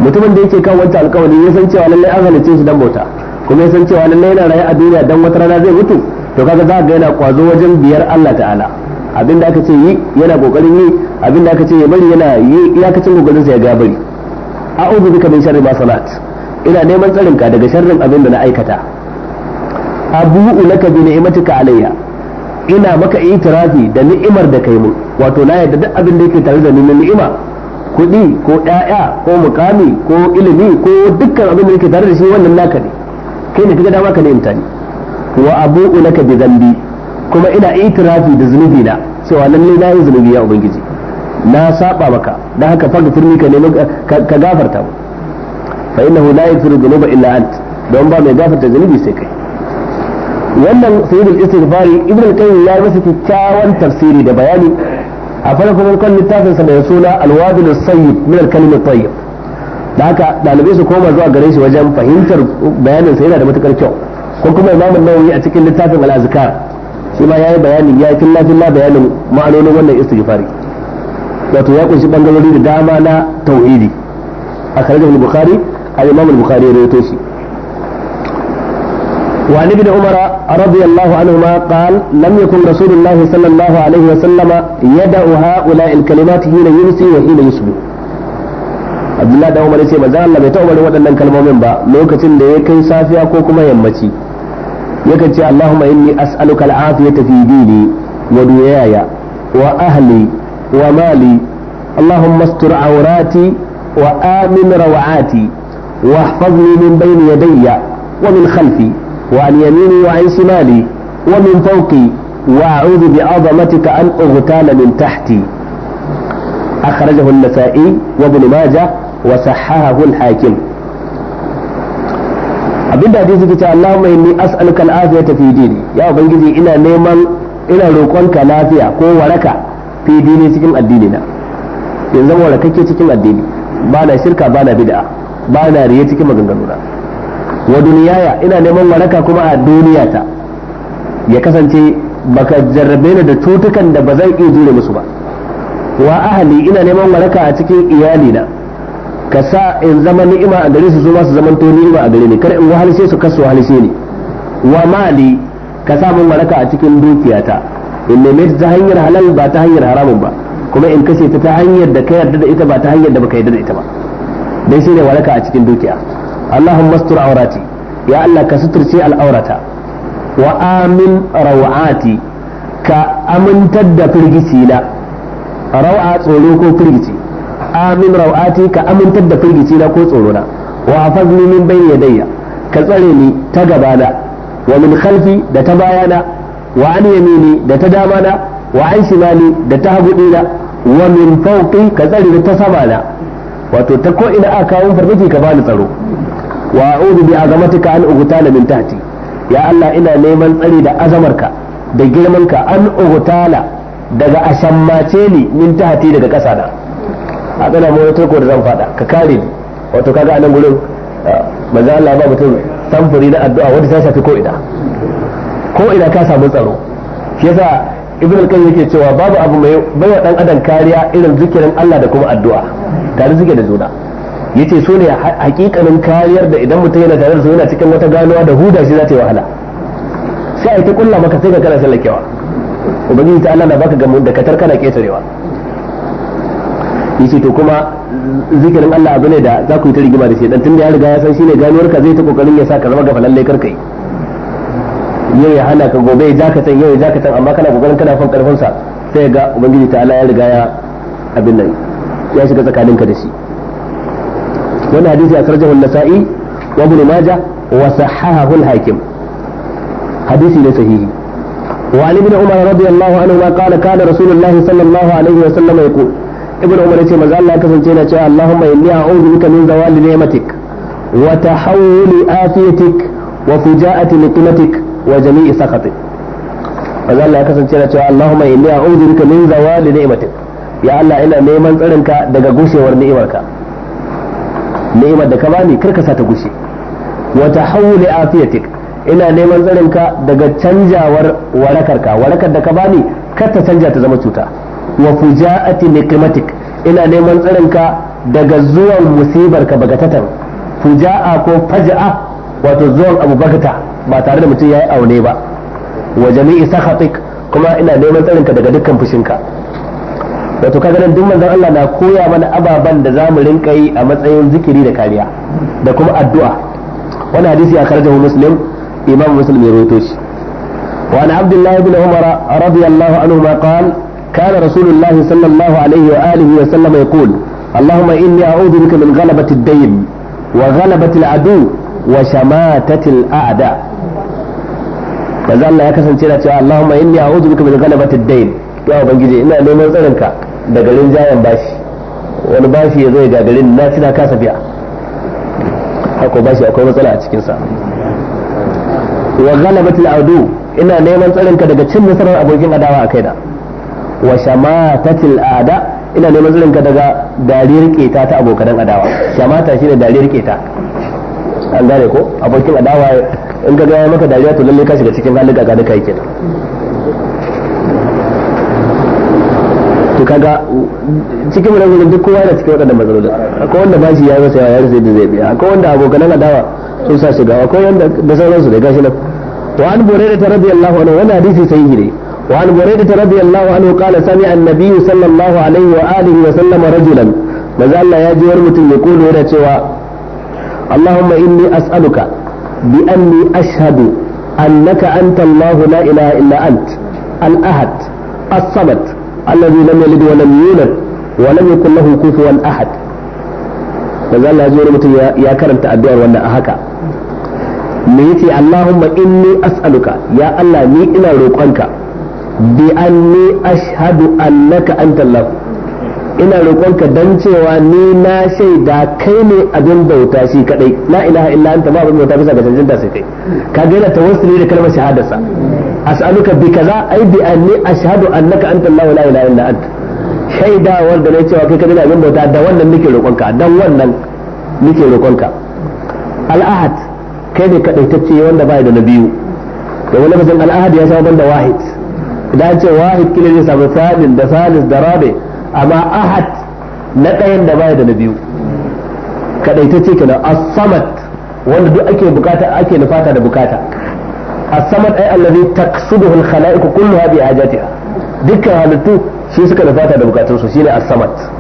Speaker 1: mutumin da yake kan wancan alkawari ya san cewa lallai an halice shi dan bauta kuma ya san cewa lallai yana raye a duniya dan wata rana zai mutu to kaga za ga yana kwazo wajen biyar Allah ta'ala abinda aka ce yi yana kokarin yi abinda aka ce ya bari yana yi iyakacin kokarin sa ya ga bari a'udhu bika min sharri ma salat ina neman tsarin ka daga sharrin abinda na aikata abu'u laka bi ni'matika alayya ina maka itirazi da ni'imar da kai mu wato na yadda duk abin da yake tare da ni'ima kuɗi ko ɗaya ko mukami ko ilimi ko dukkan abin da yake tare da shi wannan naka ne kai ne kaga dama ka ni'imta ni wa abu laka bi zambi kuma ina itirazi da zunubi na cewa lalle na yi zunubi ya ubangiji na saba maka dan haka fa gafirni ka nemi ka gafarta mu fa innahu la yaghfiru dhunuba illa ant don ba mai gafarta zunubi sai kai wannan sayyidul istighfari ibn al-qayyim ya masa kyakkyawan tafsiri da bayani a farkon farkon littafinsa mai suna al-wabil as-sayyib min al tayyib da haka dalibai su koma zuwa gare shi wajen fahimtar bayanin sa yana da matukar kyau ko kuma imamu nawawi a cikin littafin al-azkar shi ma yayi bayani ya yi filla bayanin ma'anonin wannan istighfari wato ya kunshi bangarori da dama na tauhidi a kare da bukhari al-imam al-bukhari ya rawaito shi وعن ابن عمر رضي الله عنهما قال لم يكن رسول الله صلى الله عليه وسلم يدع هؤلاء الكلمات حين يمسي وحين يصبح عبد الله بن عمر يسمى زال لم يتعب لو ان الكلمه من بعض بعد ملوكه ليك يسافي اخوكما يمتي يكتي اللهم اني اسالك العافيه في ديني ودياي واهلي ومالي اللهم استر عوراتي وامن روعاتي واحفظني من بين يدي ومن خلفي وعن يميني وعن شمالي ومن فوقي وأعوذ بعظمتك أن أغتال من تحتي أخرجه النسائي وابن ماجه وصححه الحاكم abinda hadisi kace Allahumma inni as'aluka al-afiyata fi dini ya ubangiji ina neman ina roƙonka lafiya ko waraka fi dini cikin addini na yanzu warakake cikin addini ba na shirka ba na bid'a ba na cikin maganganu na wa duniyaya ina neman waraka kuma a duniyata ya kasance baka jarrabe ni da cutukan da ba zan iya jure musu ba wa ahli ina neman waraka a cikin iyalina ka sa in zama ni'ima a gare su su ma su zama to ni'ima a gare ni kar in wahalshe su kasu wahalshe ni wa mali ka sa mun waraka a cikin dukiyata in neme ta hanyar halal ba ta hanyar haramun ba kuma in kashe ta ta hanyar da ka yarda da ita ba ta hanyar da baka yarda da ita ba dai sai ne waraka a cikin dukiya Allahumma astur aurati ya Allah ka suturci al'aurata wa rawati ka amintar da firgici na rawa tsoro ko firgici amin rawati ka amintar da firgici na ko tsoro na wa hafazni min bayni yadayya ka tsare ni ta gabana wa min khalfi da ta bayana wa an yamini da ta damana wa an shimali da ta hagu na wa min fawqi ka tsare ni ta samana wato ta ko ina aka kawo farmaki ka bani tsaro wa a'udhu bi azamatika an ughtala min tahti ya Allah ina neman tsari da azamarka da girman ka an ughtala daga ashammace ni min tahti daga kasa da a kana mu wato ko da zan fada ka kare ni wato kaga anan gurin manzo Allah ba mutum samfuri na addu'a wanda ta shafi ko ina ko ina ka samu tsaro shi yasa ibnu al-qayyim yake cewa babu abu mai baiwa dan adam kariya irin zikirin Allah da kuma addu'a tare suke da juna yace so ne hakikanin kariyar da idan mutum yana tare da su yana cikin wata ganuwa da huda shi za ta yi wahala sai a yi ta kulla maka sai ka kana sallakewa ubangiji ta Allah na baka gamu da katar kana ketarewa yace to kuma zikirin Allah abu ne da za ku yi ta rigima da shi dan tunda ya riga ya san ne ganuwar ka zai ta kokarin ya sa ka zama falalle lai karkai yau ya hana ka gobe ya ka can yau ya ka can amma kana kokarin kana fan karfin sa sai ga ubangiji ta Allah ya riga ya abin nan ya shiga tsakaninka da shi wani hadisi akhrajahu an-nasa'i wa ibn majah wa sahahahu al-hakim hadisi ne sahihi وعن ابن عمر رضي الله عنهما قال كان رسول الله صلى الله عليه وسلم يقول ابن عمر يقول ماذا الله كسنتين اللهم إني أعوذ بك من زوال نعمتك وتحول آفيتك وفجاءة نقمتك وجميع سخطك maza Allah ya kasance na cewa Allahumma inni a'udhu bika min zawali ni'matik ya Allah ina neman tsarinka daga gushewar ni'imarka ni'imar da ka bani kar ka sa ta gushe wa tahawuli afiyatik ina neman tsarinka daga canjawar warakar ka warakar da ka bani kar ta canja ta zama cuta wa fujaati niqmatik ina neman tsarinka daga zuwan musibar ka bagatatan fuja'a ko faja'a wato zuwan abu bagata ba tare da mutum yayi aune ba wa jami'i sakhatik kuma ina neman tsarin ka daga dukkan fushinka wato ka ganin duk manzon Allah na koya mana ababan da zamu rinka yi a matsayin zikiri da kariya da kuma addu'a wani hadisi akhrajahu muslim imam muslim ya rawaito shi wa an abdullahi ibn umara radiyallahu anhu ma qala kana rasulullahi sallallahu alaihi wa alihi wa sallam yaqul اللهم إني أعوذ بك من غلبة الدين وغلبة العدو وشماتة الأعداء فذا الله يكسن اللهم إني أعوذ بك من غلبة الدين ya ubangiji ina neman tsarinka da garin jayan bashi wani bashi ya zai garin na cina kasa biya haka bashi akwai matsala a cikinsa wa ghalabat al-adu ina neman tsarin ka daga cin nasarar abokin adawa a kaina wa shamatatil til'ada ina neman tsarin ka daga dariyar keta ta abokan adawa shamata shine dariyar keta an gane ko abokin adawa in ka ga maka dariya to lalle ka shiga cikin halin gaga ga da kai kenan to kaga cikin mu nan duk kowa yana cikin waɗannan matsalolin akwai wanda bashi ya masa ya rasa da zai biya akwai wanda abokanan adawa sun sa shiga akwai wanda da sauransu da gashi nan wa an buraida radiyallahu anhu wannan hadisi sahihi ne وعن بريدة رضي الله عنه قال سمع النبي صلى الله عليه وآله وسلم رجلا ما زال يا جوار يقول هنا سوى اللهم إني أسألك بأني أشهد أنك أنت الله لا إله إلا أنت الأحد الصمد allazi lam yalid wa lam yulad wa lam yakul lahu kufuwan ahad manzo Allah ya mutum ya karanta addu'ar wannan a haka me yace Allahumma inni as'aluka ya Allah ni ina roƙonka bi anni ashhadu annaka antal ina roƙonka dan cewa ni na shaida kai ne abin bauta shi kadai la ilaha illa anta ba abin bauta bisa ga cancanta ka kai ka ga yana tawassuli da kalmar shahadarsa as'aluka bi kaza ai bi anni ashhadu annaka anta allah la ilaha illa anta shaidawar da nayi cewa kai kada abin bauta da wannan nake roƙonka dan wannan nake roƙonka al-ahad kai ne kadaitacce wanda bai da na biyu domin lafazin al-ahad ya samu banda wahid da ce wahid kila zai samu sadin da salis da Rabi amma ahad na ɗayan da bai da na biyu kadaitacce kenan as-samad wanda duk ake bukata ake nufata da bukata as ai ay allazi taksuduhu al-khalaiqu kulluha bi hajatiha dukkan halittu shi suka da fata da bukatun su shine asamat samad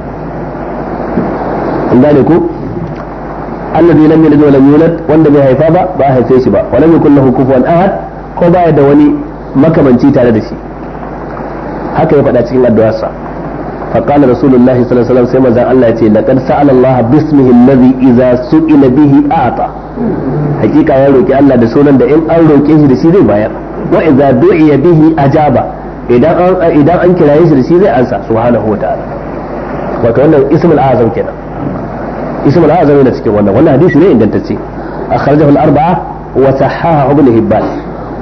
Speaker 1: an gane ku allazi lam yalid wa lam yulad wanda bai haifa ba ba haife shi ba wa lam yakul lahu kufuwan ahad ko baya da wani makamanci tare da shi haka ya faɗa cikin addu'arsa فقال رسول الله صلى الله عليه وسلم سيما زان الله يتي لقد سأل الله باسمه الذي إذا سئل به أعطى حقيقة الله da sunan da in an roke shi da shi zai bayar wa idza du'iya bihi ajaba idan idan an kiraye shi da shi zai ansa subhanahu wa ta'ala wato wannan ismul azam kenan ismul azam yana cikin wannan wannan ne arbaa wa sahahahu ibn hibban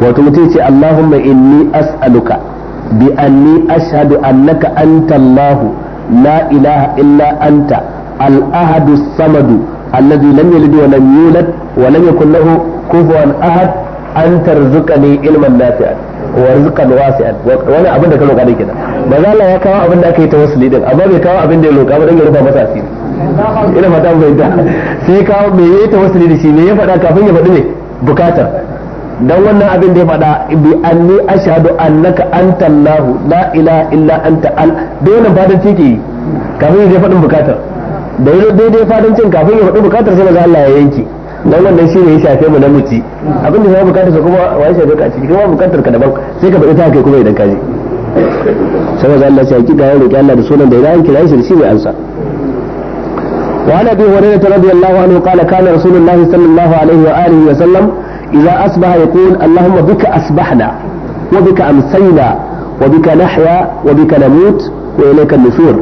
Speaker 1: wato ce allahumma inni as'aluka Bi'anni anni ashhadu annaka anta Allah la ilaha illa anta al-ahad as-samad alladhi wa lam wa lam yakul lahu ahad an tarzuqani ilman nafi'an wa rizqan wasi'an wani abin da ka roƙa dai kenan manzo Allah ya kawo abin da aka yi tawassuli din amma kawo abin da ya roƙa ba dan ya rufa masa sai kawo me shi me faɗa kafin ya faɗi ne bukatar dan wannan abin da ya faɗa bi anni ashhadu annaka anta allah la ilaha illa anta al dole fadan ciki kafin ya faɗin bukatar da yi dai fadan cin kafin ya faɗin bukatar sai maza Allah ya yanke dan wannan shine ya shafe mu namiji abin da ya bukatar sa kuma wa ya shafe ka ciki kuma bukatar ka daban sai ka faɗi ta kai kuma idan ka je sai maza Allah sai hakika ya ki Allah da sunan da ya kira shi da shi ne ansa وعن ابي هريره رضي الله عنه قال كان رسول الله صلى الله عليه واله وسلم إذا أصبح يقول اللهم بك أصبحنا وبك أمسينا وبك نحيا وبك نموت وإليك النشور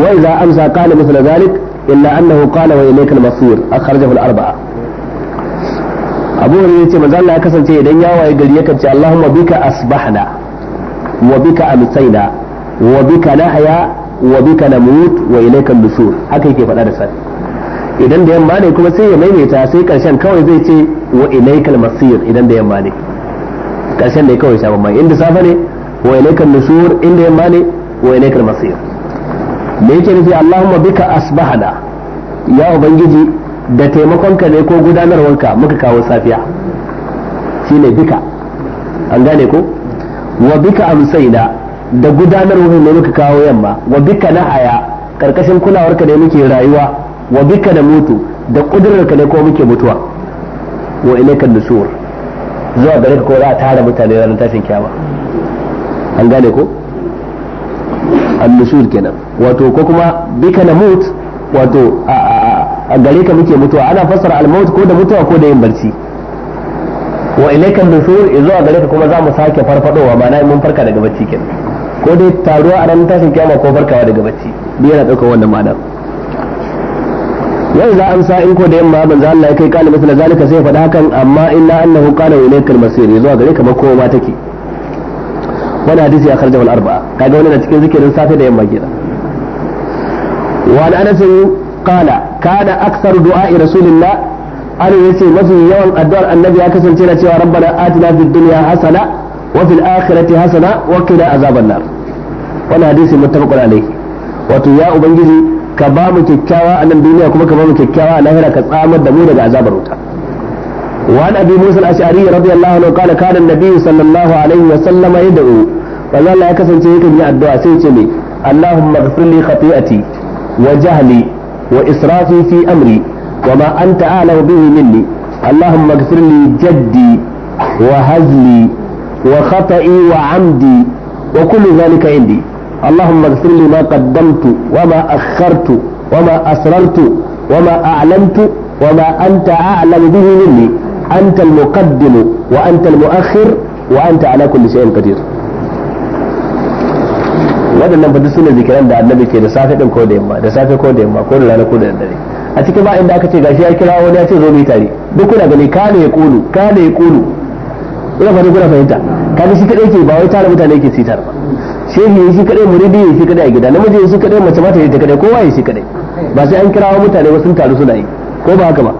Speaker 1: وإذا أمسى قال مثل ذلك إلا أنه قال وإليك المصير أخرجه الأربعة أبو هريرة مازال لا كسر يديا ويقول لك اللهم بك أصبحنا وبك أمسينا وبك نحيا وبك نموت وإليك النشور هكذا كيف أنا سألت idan da yamma ne kuma sai ya maimaita sai karshen kawai zai ce wa ilaikal masir idan da yamma ne karshen ne kawai shaban mai inda safa ne wa ilaikal nusur inda yamma ne wa ilaikal masir me yake nufi Allahumma bika asbahana ya ubangiji da taimakonka ne ko gudanarwanka muka kawo safiya shine bika an gane ko wa bika amsaina da gudanarwa ne muka kawo yamma wa bika nahaya karkashin kulawarka ne muke rayuwa wa bika da mutu da kudurarka ne ko muke mutuwa wa ilaikan nusur zuwa gare ka ko za a tara mutane ranar tashin kiyama an gane ko an-nusur kenan wato ko kuma bika na mut wato a gare ka muke mutuwa ana fassara al-maut ko da mutuwa ko da yin barci wa ilaikan nusur zuwa gare ka kuma za mu sake farfadowa ma'ana mun farka daga bacci kenan ko dai taruwa a ranar tashin kiyama ko farkawa daga bacci biyana ɗaukar wannan ma'anar wai za sa in ko da yamma manzo Allah ya kai kana misal zalika sai faɗa hakan amma illa annahu kana ilaykal masir zuwa gare ka ba kowa take wani hadisi ya karjamal arba'a kaga wani na cikin zikirin safe da yamma kenan wa an anas qala kana aktsaru du'a'i rasulillah an yace mafi yawan addu'ar annabi ya kasance na cewa rabbana atina fid dunya hasana wa fil akhirati hasana wa qina azaban nar wani hadisi muttafaqun alayhi wato ya ubangiji ka ba mu kyakkyawa a nan duniya kuma ka ba mu kyakkyawa a lahira ka tsamar da mu daga azabar wuta وعن ابي موسى الاشعري رضي الله عنه قال كان النبي صلى الله عليه وسلم يدعو فقال الله كسنتي يكن يدعو سيتي اللهم اغفر لي خطيئتي وجهلي واسرافي في امري وما انت اعلم به مني اللهم اغفر لي جدي وهزلي وخطئي وعمدي وكل ذلك عندي اللهم اغفر لي ما قدمت وما أخرت وما أسررت وما أعلمت وما أنت أعلم به مني أنت المقدم وأنت المؤخر وأنت على كل شيء قدير waɗannan nan duk sune zikiran da annabi ke da safe din ko da yamma da safe ko da yamma ko da rana ko da dare a cikin ba inda aka ce gashi ya kira wani ya ce zo mu tare duk kuna gani kana ya kulu kana ya kulu ina fata kuna fahimta kaga shi kadai ke ba wai tara mutane ke sitar ba shehi yi shi kadai muridi yi shi kadai a gida namiji yi shi kadai mace mata yi ta kadai kowa yi shi kadai ba sai an kirawo mutane ba sun taru suna yi ko ba haka ba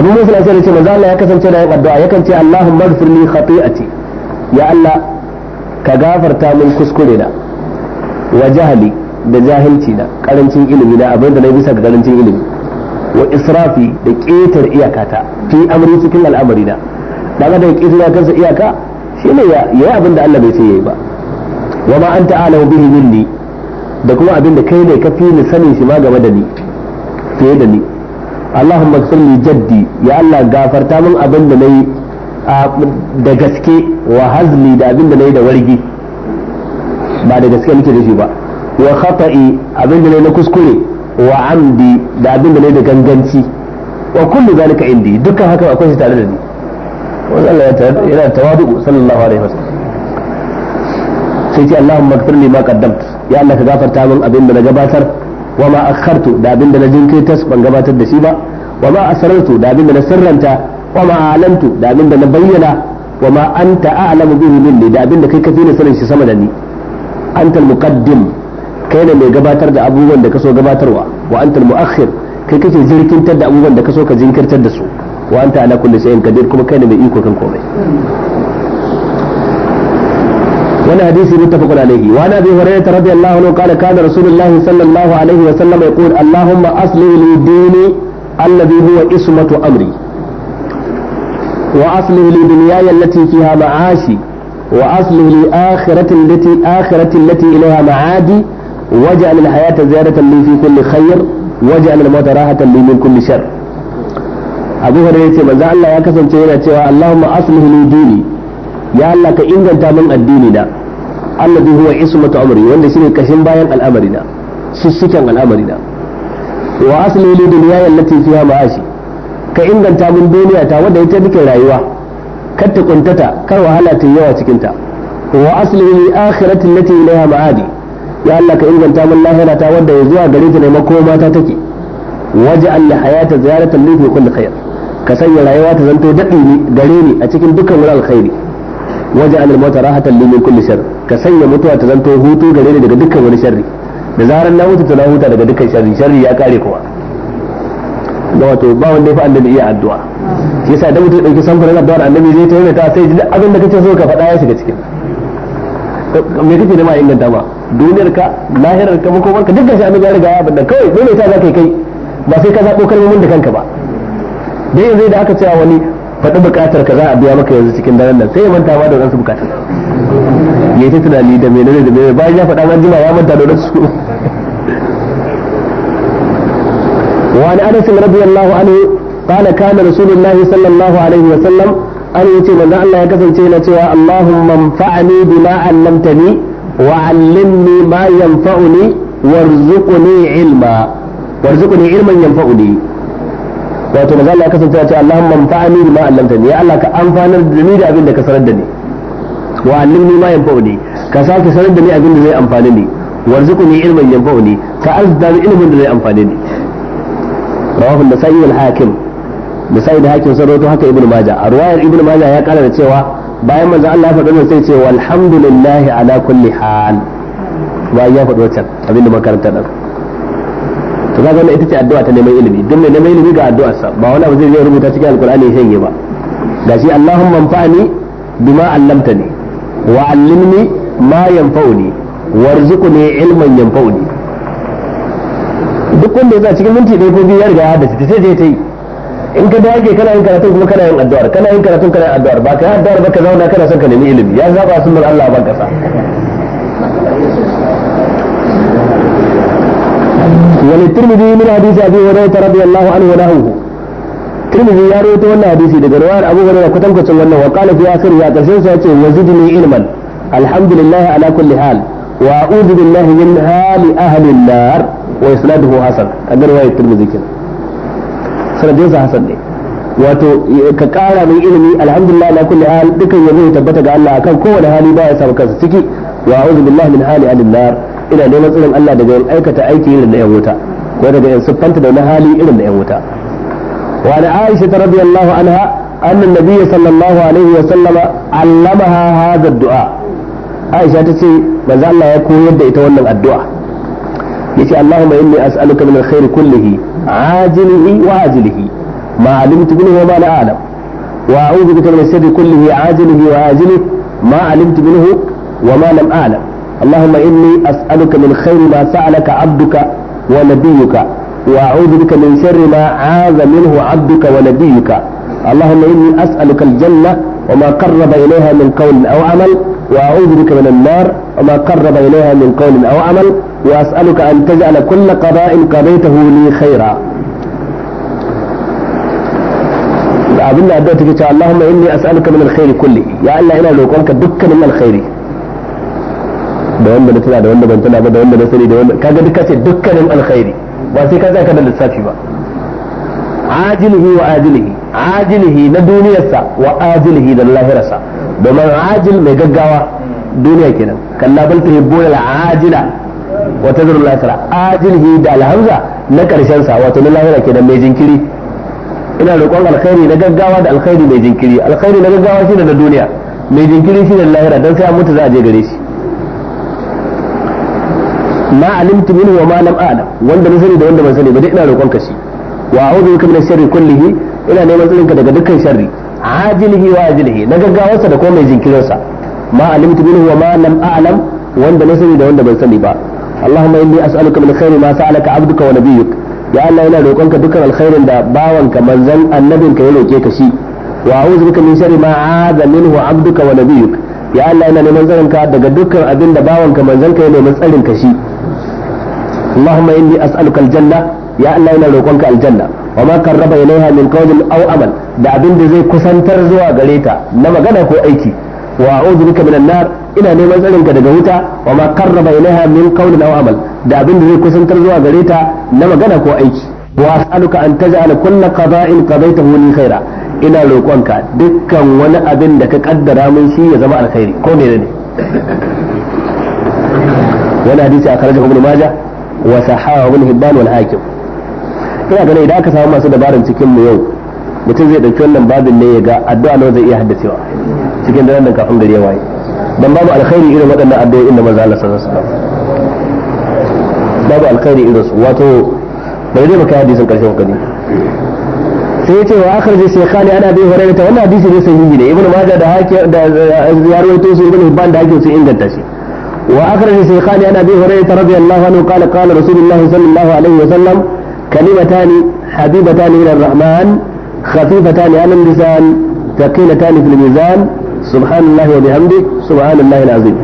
Speaker 1: abu musu na sai ce manzo Allah ya kasance da yin addu'a yakan ce Allahumma ighfirli khati'ati ya Allah ka gafarta min kuskure na wa jahli da jahilci na karancin ilimi na abin da na bisa ga karancin ilimi wa israfi da ketar iyakata fi amri cikin al'amari na kaga da yaƙi ya kansa iyaka ne ya yi abin da Allah bai sai yayi ba wa ma anta alahu bihi minni da kuma abin da kai ne ka fi ni sanin shi ma game da ni fiye da ni Allahumma salli jaddi ya Allah gafarta min abin da nayi da gaske wa hazli da abin da nayi da wargi ba da gaske nake da shi ba wa khata'i abin da nayi na kuskure wa amdi da abin da nayi da ganganci wa kullu zalika indi dukkan haka akwai shi tare da ni wanda Allah ya yana da tawadu sallallahu alaihi wasallam sai ce Allahumma ighfir li ma qaddamt ya Allah ka gafarta min abin da na gabatar wa ma akhartu da abin da na jinkirtas ban gabatar da shi ba wa ma asrartu da abin da na sirranta wa ma alantu da abin da na bayyana wa ma anta a'lamu bihi minni da abin da kai ka fi sanin shi sama da ni antal muqaddim kai ne mai gabatar da abubuwan da kaso gabatarwa wa antal muakhir kai kake jirkintar da abubuwan da kaso ka jinkirtar da su وانت على كل شيء قدير كما كان من ايكو كنكم وانا حديث متفق عليه وانا ابي هريره رضي الله عنه قال كان رسول الله صلى الله عليه وسلم يقول اللهم اصلح لي ديني الذي هو اسمه امري واصلح لي دنياي التي فيها معاشي واصلح لي اخرة التي اخرتي التي اليها معادي واجعل الحياه زياده لي في كل خير واجعل الموت راحه لي من كل شر abu hurairah yace manzo Allah ya kasance yana cewa Allahumma aslih li dini ya Allah ka inganta min addini na alladhi huwa ismatu amri wanda shine kashin bayan al'amari na sussukan al'amari na wa aslih li dunyaya allati fiha ma'ashi ka inganta min duniya ta wadda ita duke rayuwa kar ta kuntata kar wahala ta yawa cikin ta wa aslih li akhirati allati ilayha ma'adi ya Allah ka inganta min lahira ta wadda ya zuwa gare ta ne makoma ta take waje Allah hayata ziyaratan li fi kulli khair ka sanya rayuwa ta zanto daɗi ne gare ni a cikin dukkan wani alkhairi waje anil mota rahatan li min kulli shar ka sanya mutuwa ta zanto hutu gare ni daga dukkan wani sharri da zaran na mutu to na huta daga dukkan sharri sharri ya kare kowa da wato ba wanda ya fi annabi iya addu'a shi yasa idan mutum dauki samfurin addu'ar annabi zai tauna ta sai duk abin da kace so ka faɗa ya shiga cikin me kake da ma inganta ba duniyar ka lahirar ka makomar ka duk gashi annabi ya riga ya abin da kawai dole ta za kai kai ba sai ka zaɓo kalmomin da kanka ba dai zai da aka cewa wani faɗi buƙatar ka za a biya maka yanzu cikin daren nan sai ya manta ma da wadansu buƙatar ya ta tunani da menene da menene bayan ya faɗa an jima ya manta da wadansu na انس رضي الله عنه قال كان sunan الله صلى الله عليه وسلم an yace manzo Allah ya kasance yana cewa Allahumma anfa'ni bima 'allamtani wa 'allimni ma yanfa'uni warzuqni ilma warzuqni ilman yanfa'uni wato maza Allah ya kasance ce Allahumma anfa'ni bima 'allamtani ya Allah ka amfanar da ni da abin da ka sanar da ni wa 'allimni ma yanfa'uni ka sake sanar da ni abin da zai amfani ni warzuqni ilman yanfa'uni ka azdani ilmin da zai amfane ni rawahu an-nasa'i wal hakim nasa'i da hakim sai rawaito haka ibnu majah a riwayar ibnu majah ya kara da cewa bayan manzo Allah ya faɗa sai ce walhamdulillahi ala kulli hal bayan ya faɗo can abin da makarantar to kaga wannan ita ce addu'a ta neman ilimi duk mai neman ilimi ga addu'ar sa ba wani abu zai iya rubuta cikin alqur'ani ya shanye ba gashi allahumma anfa'ni bima 'allamtani wa 'allimni ma yanfa'uni warzuqni ilman yanfa'uni duk wanda ya cikin minti ɗaya ko biyu ya riga ya haddace sai je ta yi in ka dage kana yin karatun kuma kana yin addu'ar kana yin karatun kana yin addu'ar ba ka yi addu'ar ba ka zauna kana son ka nemi ilimi ya zaba sunnar Allah ban kasa وللترمذي يعني من حديث أبي هريرة رضي الله عنه وله ترمذي يا ريت ولا حديثي ده روان أبو هريرة كتم كتم ولا وقال في آخر يا تشين ساتي وزدني علما الحمد لله على كل حال وأعوذ بالله من حال أهل النار وإسناده حسن هذا رواية الترمذي كده سنجوز حسن دي wato ka kara mai ilimi alhamdulillah na kulli hal dukan yanzu tabbata ga Allah akan kowane hali baya sa kansa ciki wa a'udhu billahi min hali alinnar ina neman tsirin Allah daga yin aikata aiki irin da yan wuta ko daga yin siffanta da wani hali irin da yan wuta wa ana Aisha ta radiyallahu anha annan nabiyyi sallallahu alaihi wa sallama allamaha hadha du'a Aisha ta ce manzo Allah ya koyar da ita wannan addu'a yace Allahumma inni as'aluka min alkhair kullihi ajilihi wa ajilihi ma alimtu minhu wa ma la a'lam wa a'udhu bika min sharri kullihi ajilihi wa ajilihi ma alimtu minhu wa ma lam a'lam اللهم إني أسألك من خير ما سألك عبدك ونبيك وأعوذ بك من شر ما عاذ منه عبدك ونبيك اللهم إني أسألك الجنة وما قرب إليها من قول أو عمل وأعوذ بك من النار وما قرب إليها من قول أو عمل وأسألك أن تجعل كل قضاء قضيته لي خيرا abin da addu'a take cewa Allahumma inni as'aluka min alkhairi kulli ya Allah ina roƙonka da wanda na tana da wanda ban tana ba da wanda na sani da wanda kaga duka ce dukkanin alkhairi ba sai ka tsaya da lissafi ba ajilihi wa ajilihi ajilihi na duniyarsa wa ajilihi da lahirarsa domin ajil mai gaggawa duniya kenan kalla bal tuhibbuna al-ajila wa tazuru lahira ajilihi da alhamza na karshen sa wato na lahira kenan mai jinkiri ina roƙon alkhairi na gaggawa da alkhairi mai jinkiri alkhairi na gaggawa shine na duniya mai jinkiri shine lahira dan sai an mutu za a je gare shi ma alimtu minhu wa ma lam a'lam wanda na sani da wanda ban sani ba dai ina roƙon ka shi wa a'udhu bika min sharri kullihi ina neman tsarinka daga dukkan sharri ajilihi wa ajilihi na gawarsa da kuma mai jinkirinsa ma alimtu minhu wa ma lam a'lam wanda na sani da wanda ban sani ba allahumma inni as'aluka min khairi ma sa'alaka abduka wa nabiyyuk ya allah yana roƙonka dukkan alkhairin da bawanka manzon annabinka ya roke ka shi wa a'udhu bika min sharri ma aza minhu abduka wa nabiyyuk ya allah ina neman tsarinka daga dukkan abin da bawanka manzon ka ya neman tsarin ka shi اللهم إني أسألك الجنة يا الله إنا روكونك الجنة وما قرب إليها من قول أو عمل da abin da zai kusantar zuwa gare ta na magana ko aiki wa a'udhu bika minan nar ina neman tsarin ka daga wuta wa ma qarraba ilaiha min qawlin aw amal da abin da zai kusantar zuwa gare ta na magana ko aiki wa as'aluka an taj'ala kullu qada'in qadaytahu li khaira ina roƙonka dukkan wani abin da ka kaddara mun shi ya zama alkhairi ko menene wani hadisi a karajar ibn majah wa sahawa ibn hibban wal hakim ina ganin idan aka samu masu dabarun cikin mu yau mutum zai dauki wannan babin ne ya ga addu'a nawa zai iya haddacewa cikin daren da kafin gari ya waye dan babu alkhairi irin waɗannan addu'o'in inda manzo Allah sallallahu alaihi wasallam babu alkhairi irin su wato bai dai baka hadisin karshen gani sai yace wa akhir zai shaykhani ana bi hurairah wannan hadisi ne sahihi ne ibnu majah da hakim da ya rawaito su ibnu hibban da hakim su inganta shi وأخرج الشيخان عن أبي هريرة رضي الله عنه قال قال رسول الله صلى الله عليه وسلم كلمتان حبيبتان إلى الرحمن خفيفتان على اللسان ثقيلتان في الميزان سبحان الله وبحمده سبحان الله العظيم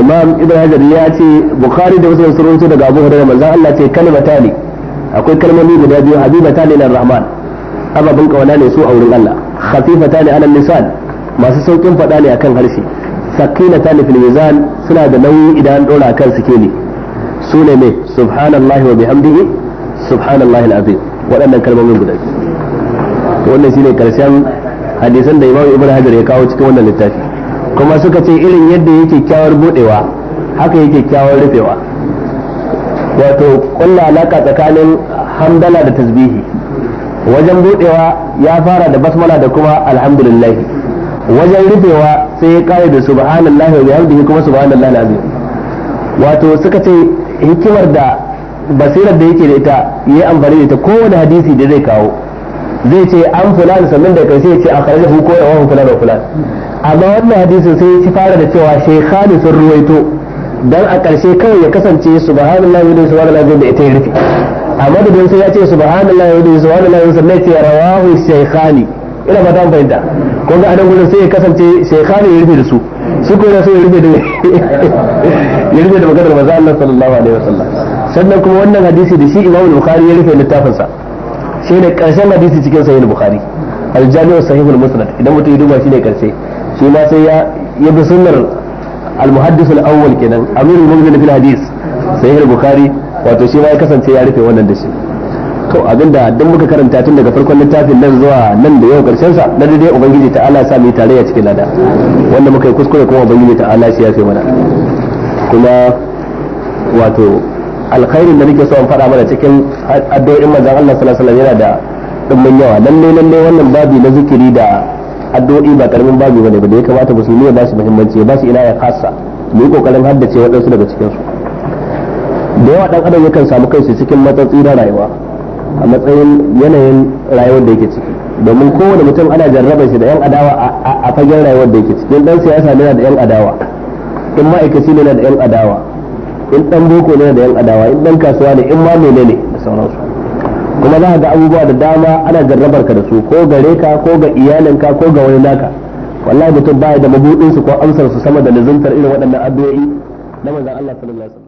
Speaker 1: إمام ابن هجر ياتي بخاري دوسنا سرون سيدة أبو هريرة مزان الله كلمتان أقول كلمة من أبي حبيبتان إلى الرحمن أبا بنك ولا نسوء او الله خفيفتان على اللسان ما سيسوكم فتاني أكن هرشي ta nufin mizan suna da nauyi idan an dora kan ne su ne ne subhanallahi wa bihamdihi subhanallahi alazim waɗannan kalmomin guda wannan shine karshen hadisan da imamu ibnu hajar ya kawo cikin wannan littafi kuma suka ce irin yadda yake kyawar budewa haka yake kyawar rufewa wato kulla alaka tsakanin hamdala da tasbihi wajen budewa ya fara da basmala da kuma alhamdulillah. wajen rufewa sai ya kare da subhanallahi wa bihamdihi kuma subhanallahi alazim wato suka ce hikimar da basirar da yake da ita yayi amfani da ita kowane hadisi da zai kawo zai ce an fulan sannan da kai sai ya da akhrajahu ko rawahu fulan da fulan amma wannan hadisin sai ya fara da cewa shaykhani sun ruwaito dan a ƙarshe kawai ya kasance subhanallahi wa subhanallahi da ita ya rufe amma da sai ya ce subhanallahi wa subhanallahi sannan ya ce rawahu shaykhani ina fata mun fahimta kun ga anan sai ya kasance shaykhani ya rufe da su su kuma yana so ya rufe da ya rufe da maganar maza Allah sallallahu alaihi wasallam sannan kuma wannan hadisi da shi Imam Bukhari ya rufe littafinsa shi ne karshen hadisi cikin sahih Bukhari al-Jami' musnad idan mutum ya duba shi ne karshe shi ma sai ya ya bi sunnar al-muhaddis awwal kenan amirul mu'minin fil hadis sahih al-Bukhari wato shi ma ya kasance ya rufe wannan da shi to abinda duk muka karanta tun daga farkon littafin nan zuwa nan da yau karshen sa na dai ubangiji ta Allah sa mu tarayya cikin lada wanda muka yi kuskure kuma ubangiji ta Allah shi ya fi mana kuma wato alkhairin da nake so in faɗa mana cikin addu'o'in manzon Allah sallallahu alaihi wasallam yana da dimbin yawa lalle lalle wannan babi na zikiri da addu'o'i ba karamin babi bane ba da ya kamata musulmi ya bashi muhimmanci ya bashi ina ya kasa mu yi kokarin haddace waɗansu daga cikin su da yawa dan adam yakan samu kansa cikin matsatsi na rayuwa a matsayin yanayin rayuwar da yake ciki domin kowane mutum ana jarraba shi da yan adawa a fagen rayuwar da yake ciki in dan siyasa ne da yan adawa in ma'aikaci ne da yan adawa in dan boko ne da yan adawa in dan kasuwa ne in ma ne da sauransu kuma za ga abubuwa da dama ana jarrabar ka da su ko gare ka ko ga iyalinka ko ga wani naka wallahi mutum baya da mabudin su ko amsar su sama da lazantar irin waɗannan addu'o'i na manzon Allah sallallahu alaihi wasallam